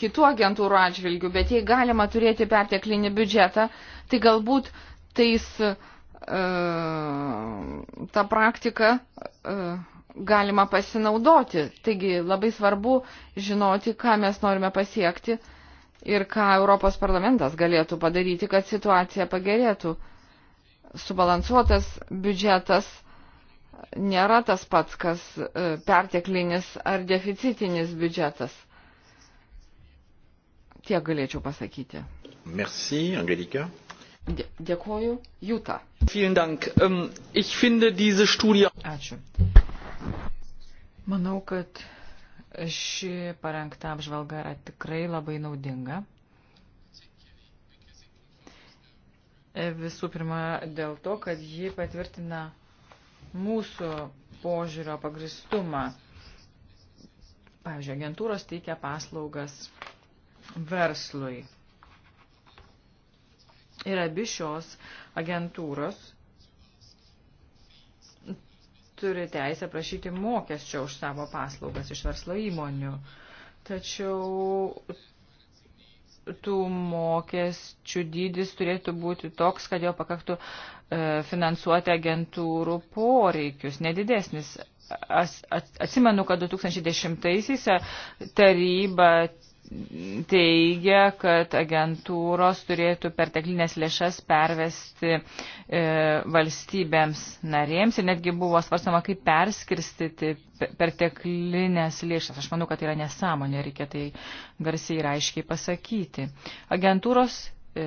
kitų agentūrų atžvilgių, bet jei galima turėti perteklinį biudžetą, tai galbūt tais e, tą praktiką e, galima pasinaudoti. Taigi labai svarbu žinoti, ką mes norime pasiekti ir ką Europos parlamentas galėtų padaryti, kad situacija pagerėtų. Subalansuotas biudžetas nėra tas pats, kas e, perteklinis ar deficitinis biudžetas. Tiek galėčiau pasakyti. Merci, Angelika. Dė dėkoju, Jūta. Ähm, Ačiū. Manau, kad ši parengta apžvalga yra tikrai labai naudinga. E, visų pirma, dėl to, kad ji patvirtina mūsų požiūrio pagristumą. Pavyzdžiui, agentūros teikia paslaugas verslui. Ir abi šios agentūros turi teisę prašyti mokesčio už savo paslaugas iš verslo įmonių. Tačiau tų mokesčių dydis turėtų būti toks, kad jo pakaktų e, finansuoti agentūrų poreikius, nedidesnis. Atsimenu, kad 2010-aisiais e, taryba teigia, kad agentūros turėtų perteklinės lėšas pervesti e, valstybėms narėms ir netgi buvo svarstama, kaip perskirstyti perteklinės lėšas. Aš manau, kad tai yra nesąmonė, reikia tai garsiai ir aiškiai pasakyti. Agentūros e,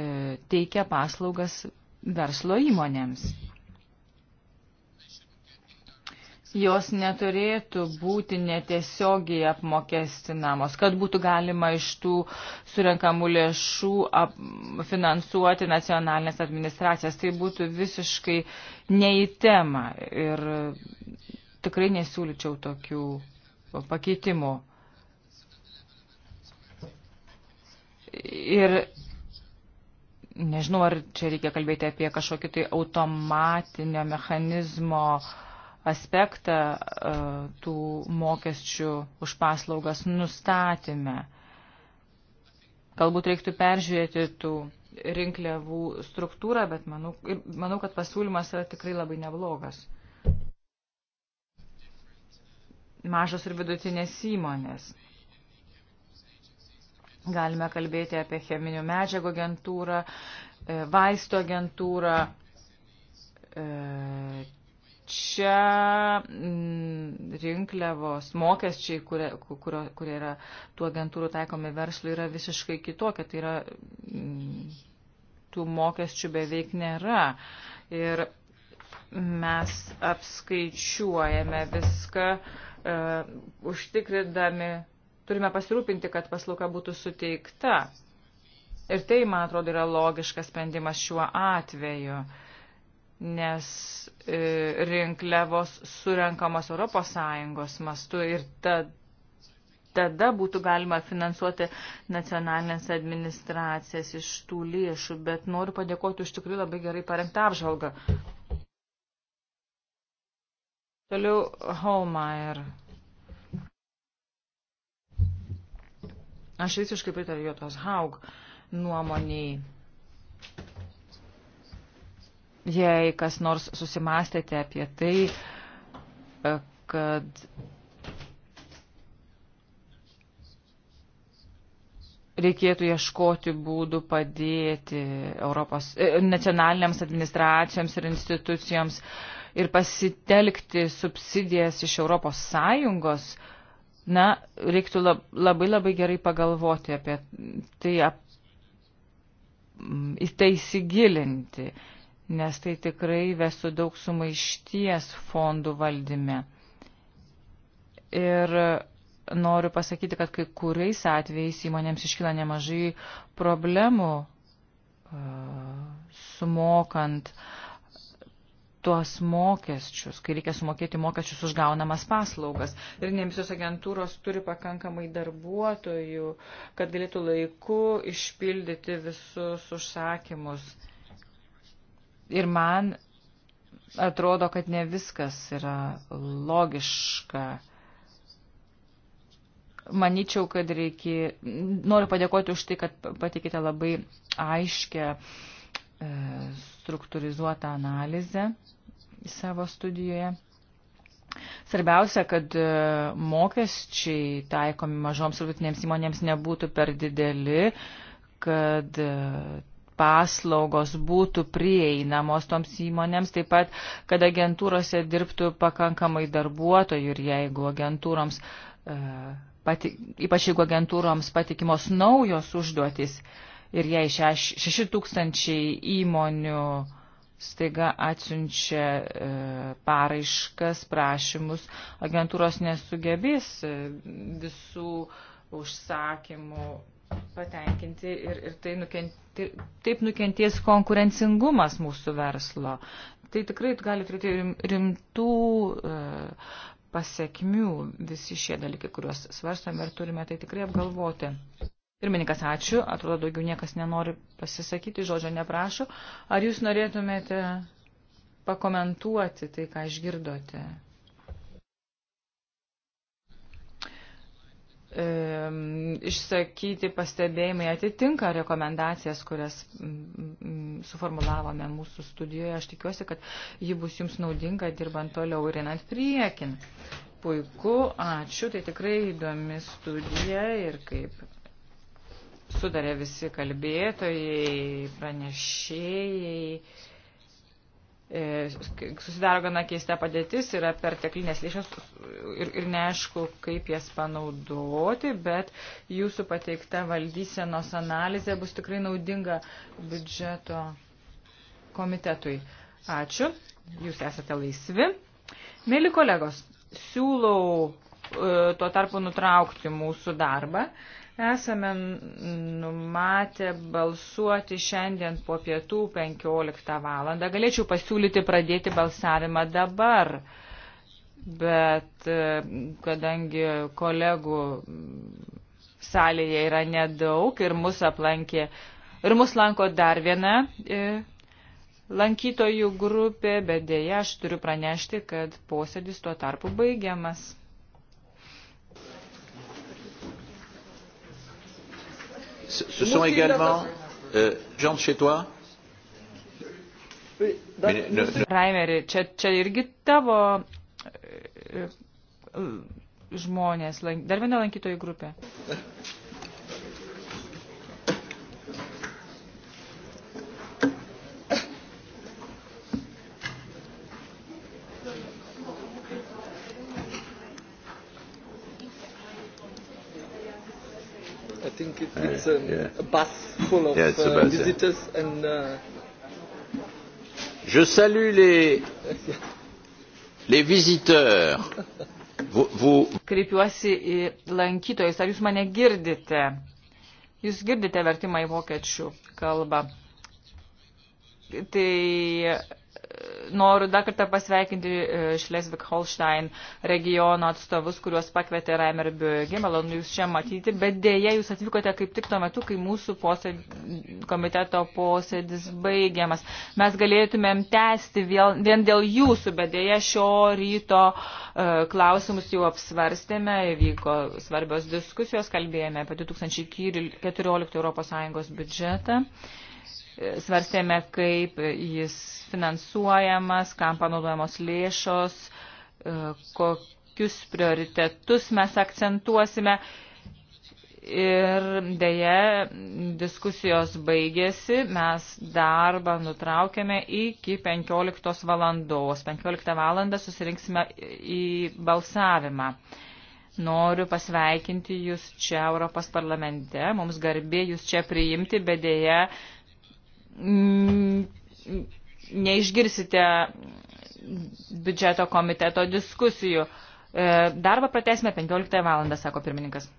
teikia paslaugas verslo įmonėms jos neturėtų būti netiesiogiai apmokestinamos, kad būtų galima iš tų surinkamų lėšų ap, finansuoti nacionalinės administracijas. Tai būtų visiškai neįtema ir tikrai nesiūlyčiau tokių pakeitimų. Ir nežinau, ar čia reikia kalbėti apie kažkokį tai automatinio mechanizmo uh, aspektą e, tų mokesčių už paslaugas nustatymę. Galbūt reiktų peržiūrėti tų rinkliavų struktūrą, bet manau, manau, kad pasiūlymas yra tikrai labai neblogas. Mažos ir vidutinės įmonės. Galime kalbėti apie cheminių medžiagų agentūrą, e, vaisto agentūrą, e, čia mm, rinkliavos mokesčiai, kurie, kurio, kurie yra tų agentūrų taikomi verslui, yra visiškai kitokie. Tai yra, mm, tų mokesčių beveik nėra. Ir mes apskaičiuojame viską, e, užtikrindami, turime pasirūpinti, kad paslauga būtų suteikta. Ir tai, man atrodo, yra logiškas sprendimas šiuo atveju. E, nes e, rinkliavos surenkamos ES mastu ir ta, tada būtų galima finansuoti nacionalinės administracijas iš tų lėšų, bet noriu padėkoti už tikrai labai gerai parengtą apžvalgą. Toliau Holmeier. Aš visiškai pritariu Jotos Haug nuomoniai jei kas nors susimastėte apie tai, e, kad reikėtų ieškoti būdų padėti Europos, e, nacionaliniams administracijoms ir institucijoms ir pasitelkti subsidijas iš Europos Sąjungos, na, reiktų labai labai gerai pagalvoti apie tai, ap, į tai įsigilinti nes tai tikrai vesų daug sumaišties fondų valdyme. Ir noriu pasakyti, kad kai kuriais atvejais įmonėms iškyla nemažai problemų e, sumokant tuos mokesčius, kai reikia sumokėti mokesčius už gaunamas paslaugas. Ir ne visos agentūros turi pakankamai darbuotojų, kad galėtų laiku išpildyti visus užsakymus. Ir man atrodo, kad ne viskas yra logiška. Maničiau, kad reikia. Noriu padėkoti už tai, kad patikite labai aiškę e, struktūrizuotą analizę savo studijoje. Svarbiausia, kad e, mokesčiai taikomi mažoms ir vidutinėms įmonėms nebūtų per dideli, kad e, paslaugos būtų prieinamos toms įmonėms, taip pat, kad agentūrose dirbtų pakankamai darbuotojų ir jeigu agentūroms, e, pati, ypač jeigu agentūroms patikimos naujos užduotis ir jei 6 tūkstančiai įmonių staiga atsiunčia e, paraiškas, prašymus, agentūros nesugebės e, visų užsakymų patenkinti ir, ir tai nukenti, taip nukenties konkurencingumas mūsų verslo. Tai tikrai gali turėti rimtų e, pasiekmių visi šie dalykai, kuriuos svarstame ir turime tai tikrai apgalvoti. Pirmininkas, ačiū. Atrodo, daugiau niekas nenori pasisakyti, žodžio neprašo. Ar jūs norėtumėte pakomentuoti tai, ką išgirdote? e, išsakyti pastebėjimai atitinka rekomendacijas, kurias m, suformulavome mūsų studijoje. Aš tikiuosi, kad ji bus jums naudinga dirbant toliau ir einant priekin. Puiku, ačiū, tai tikrai įdomi studija ir kaip sudarė visi kalbėtojai, pranešėjai E, susidaro gana keista padėtis, yra perteklinės lėšos ir, ir neaišku, kaip jas panaudoti, bet jūsų pateikta valdysenos analizė bus tikrai naudinga biudžeto komitetui. Ačiū, jūs esate laisvi. Mėly kolegos, siūlau e, tuo tarpu nutraukti mūsų darbą Esame numatę balsuoti šiandien po pietų 15 valandą. Galėčiau pasiūlyti pradėti balsavimą dabar, bet e, kadangi kolegų salėje yra nedaug ir mus aplankė, ir mus lanko dar viena e, lankytojų grupė, bet dėja aš turiu pranešti, kad posėdis tuo tarpu baigiamas. Ce, ce sont également. Euh, John, chez toi Raimeri, čia, čia irgi tavo e, e, žmonės, dar viena lankytojų grupė. think it, uh, it's a, yeah. a bus full of yeah, uh, bus, uh, visitors yeah. and. Uh, Je salue les, les visiteurs. Vous, vous... Kreipiuosi į lankytojus. Ar jūs mane girdite? Jūs girdite vertimą į vokiečių kalbą. Tai noriu dar kartą pasveikinti e, Šlesvik-Holstein regiono atstovus, kuriuos pakvietė Raimer Bögi. Malonu jūs čia matyti, bet dėja jūs atvykote kaip tik tuo metu, kai mūsų posėd, komiteto posėdis baigiamas. Mes galėtumėm tęsti vėl, vien dėl jūsų, bet dėja šio ryto uh, klausimus jau apsvarstėme, vyko svarbios diskusijos, kalbėjome apie 2014 ES biudžetą. Uh, svarstėme, kaip jis finansuojamas, kam panaudojamos lėšos, e, kokius prioritetus mes akcentuosime. Ir dėje diskusijos baigėsi, mes darbą nutraukėme iki 15 valandos. 15 valandą susirinksime į balsavimą. Noriu pasveikinti Jūs čia Europos parlamente, mums garbė Jūs čia priimti, bet dėje Mm, neišgirsite biudžeto komiteto diskusijų. E, darbą pratesime 15 valandą, sako pirmininkas.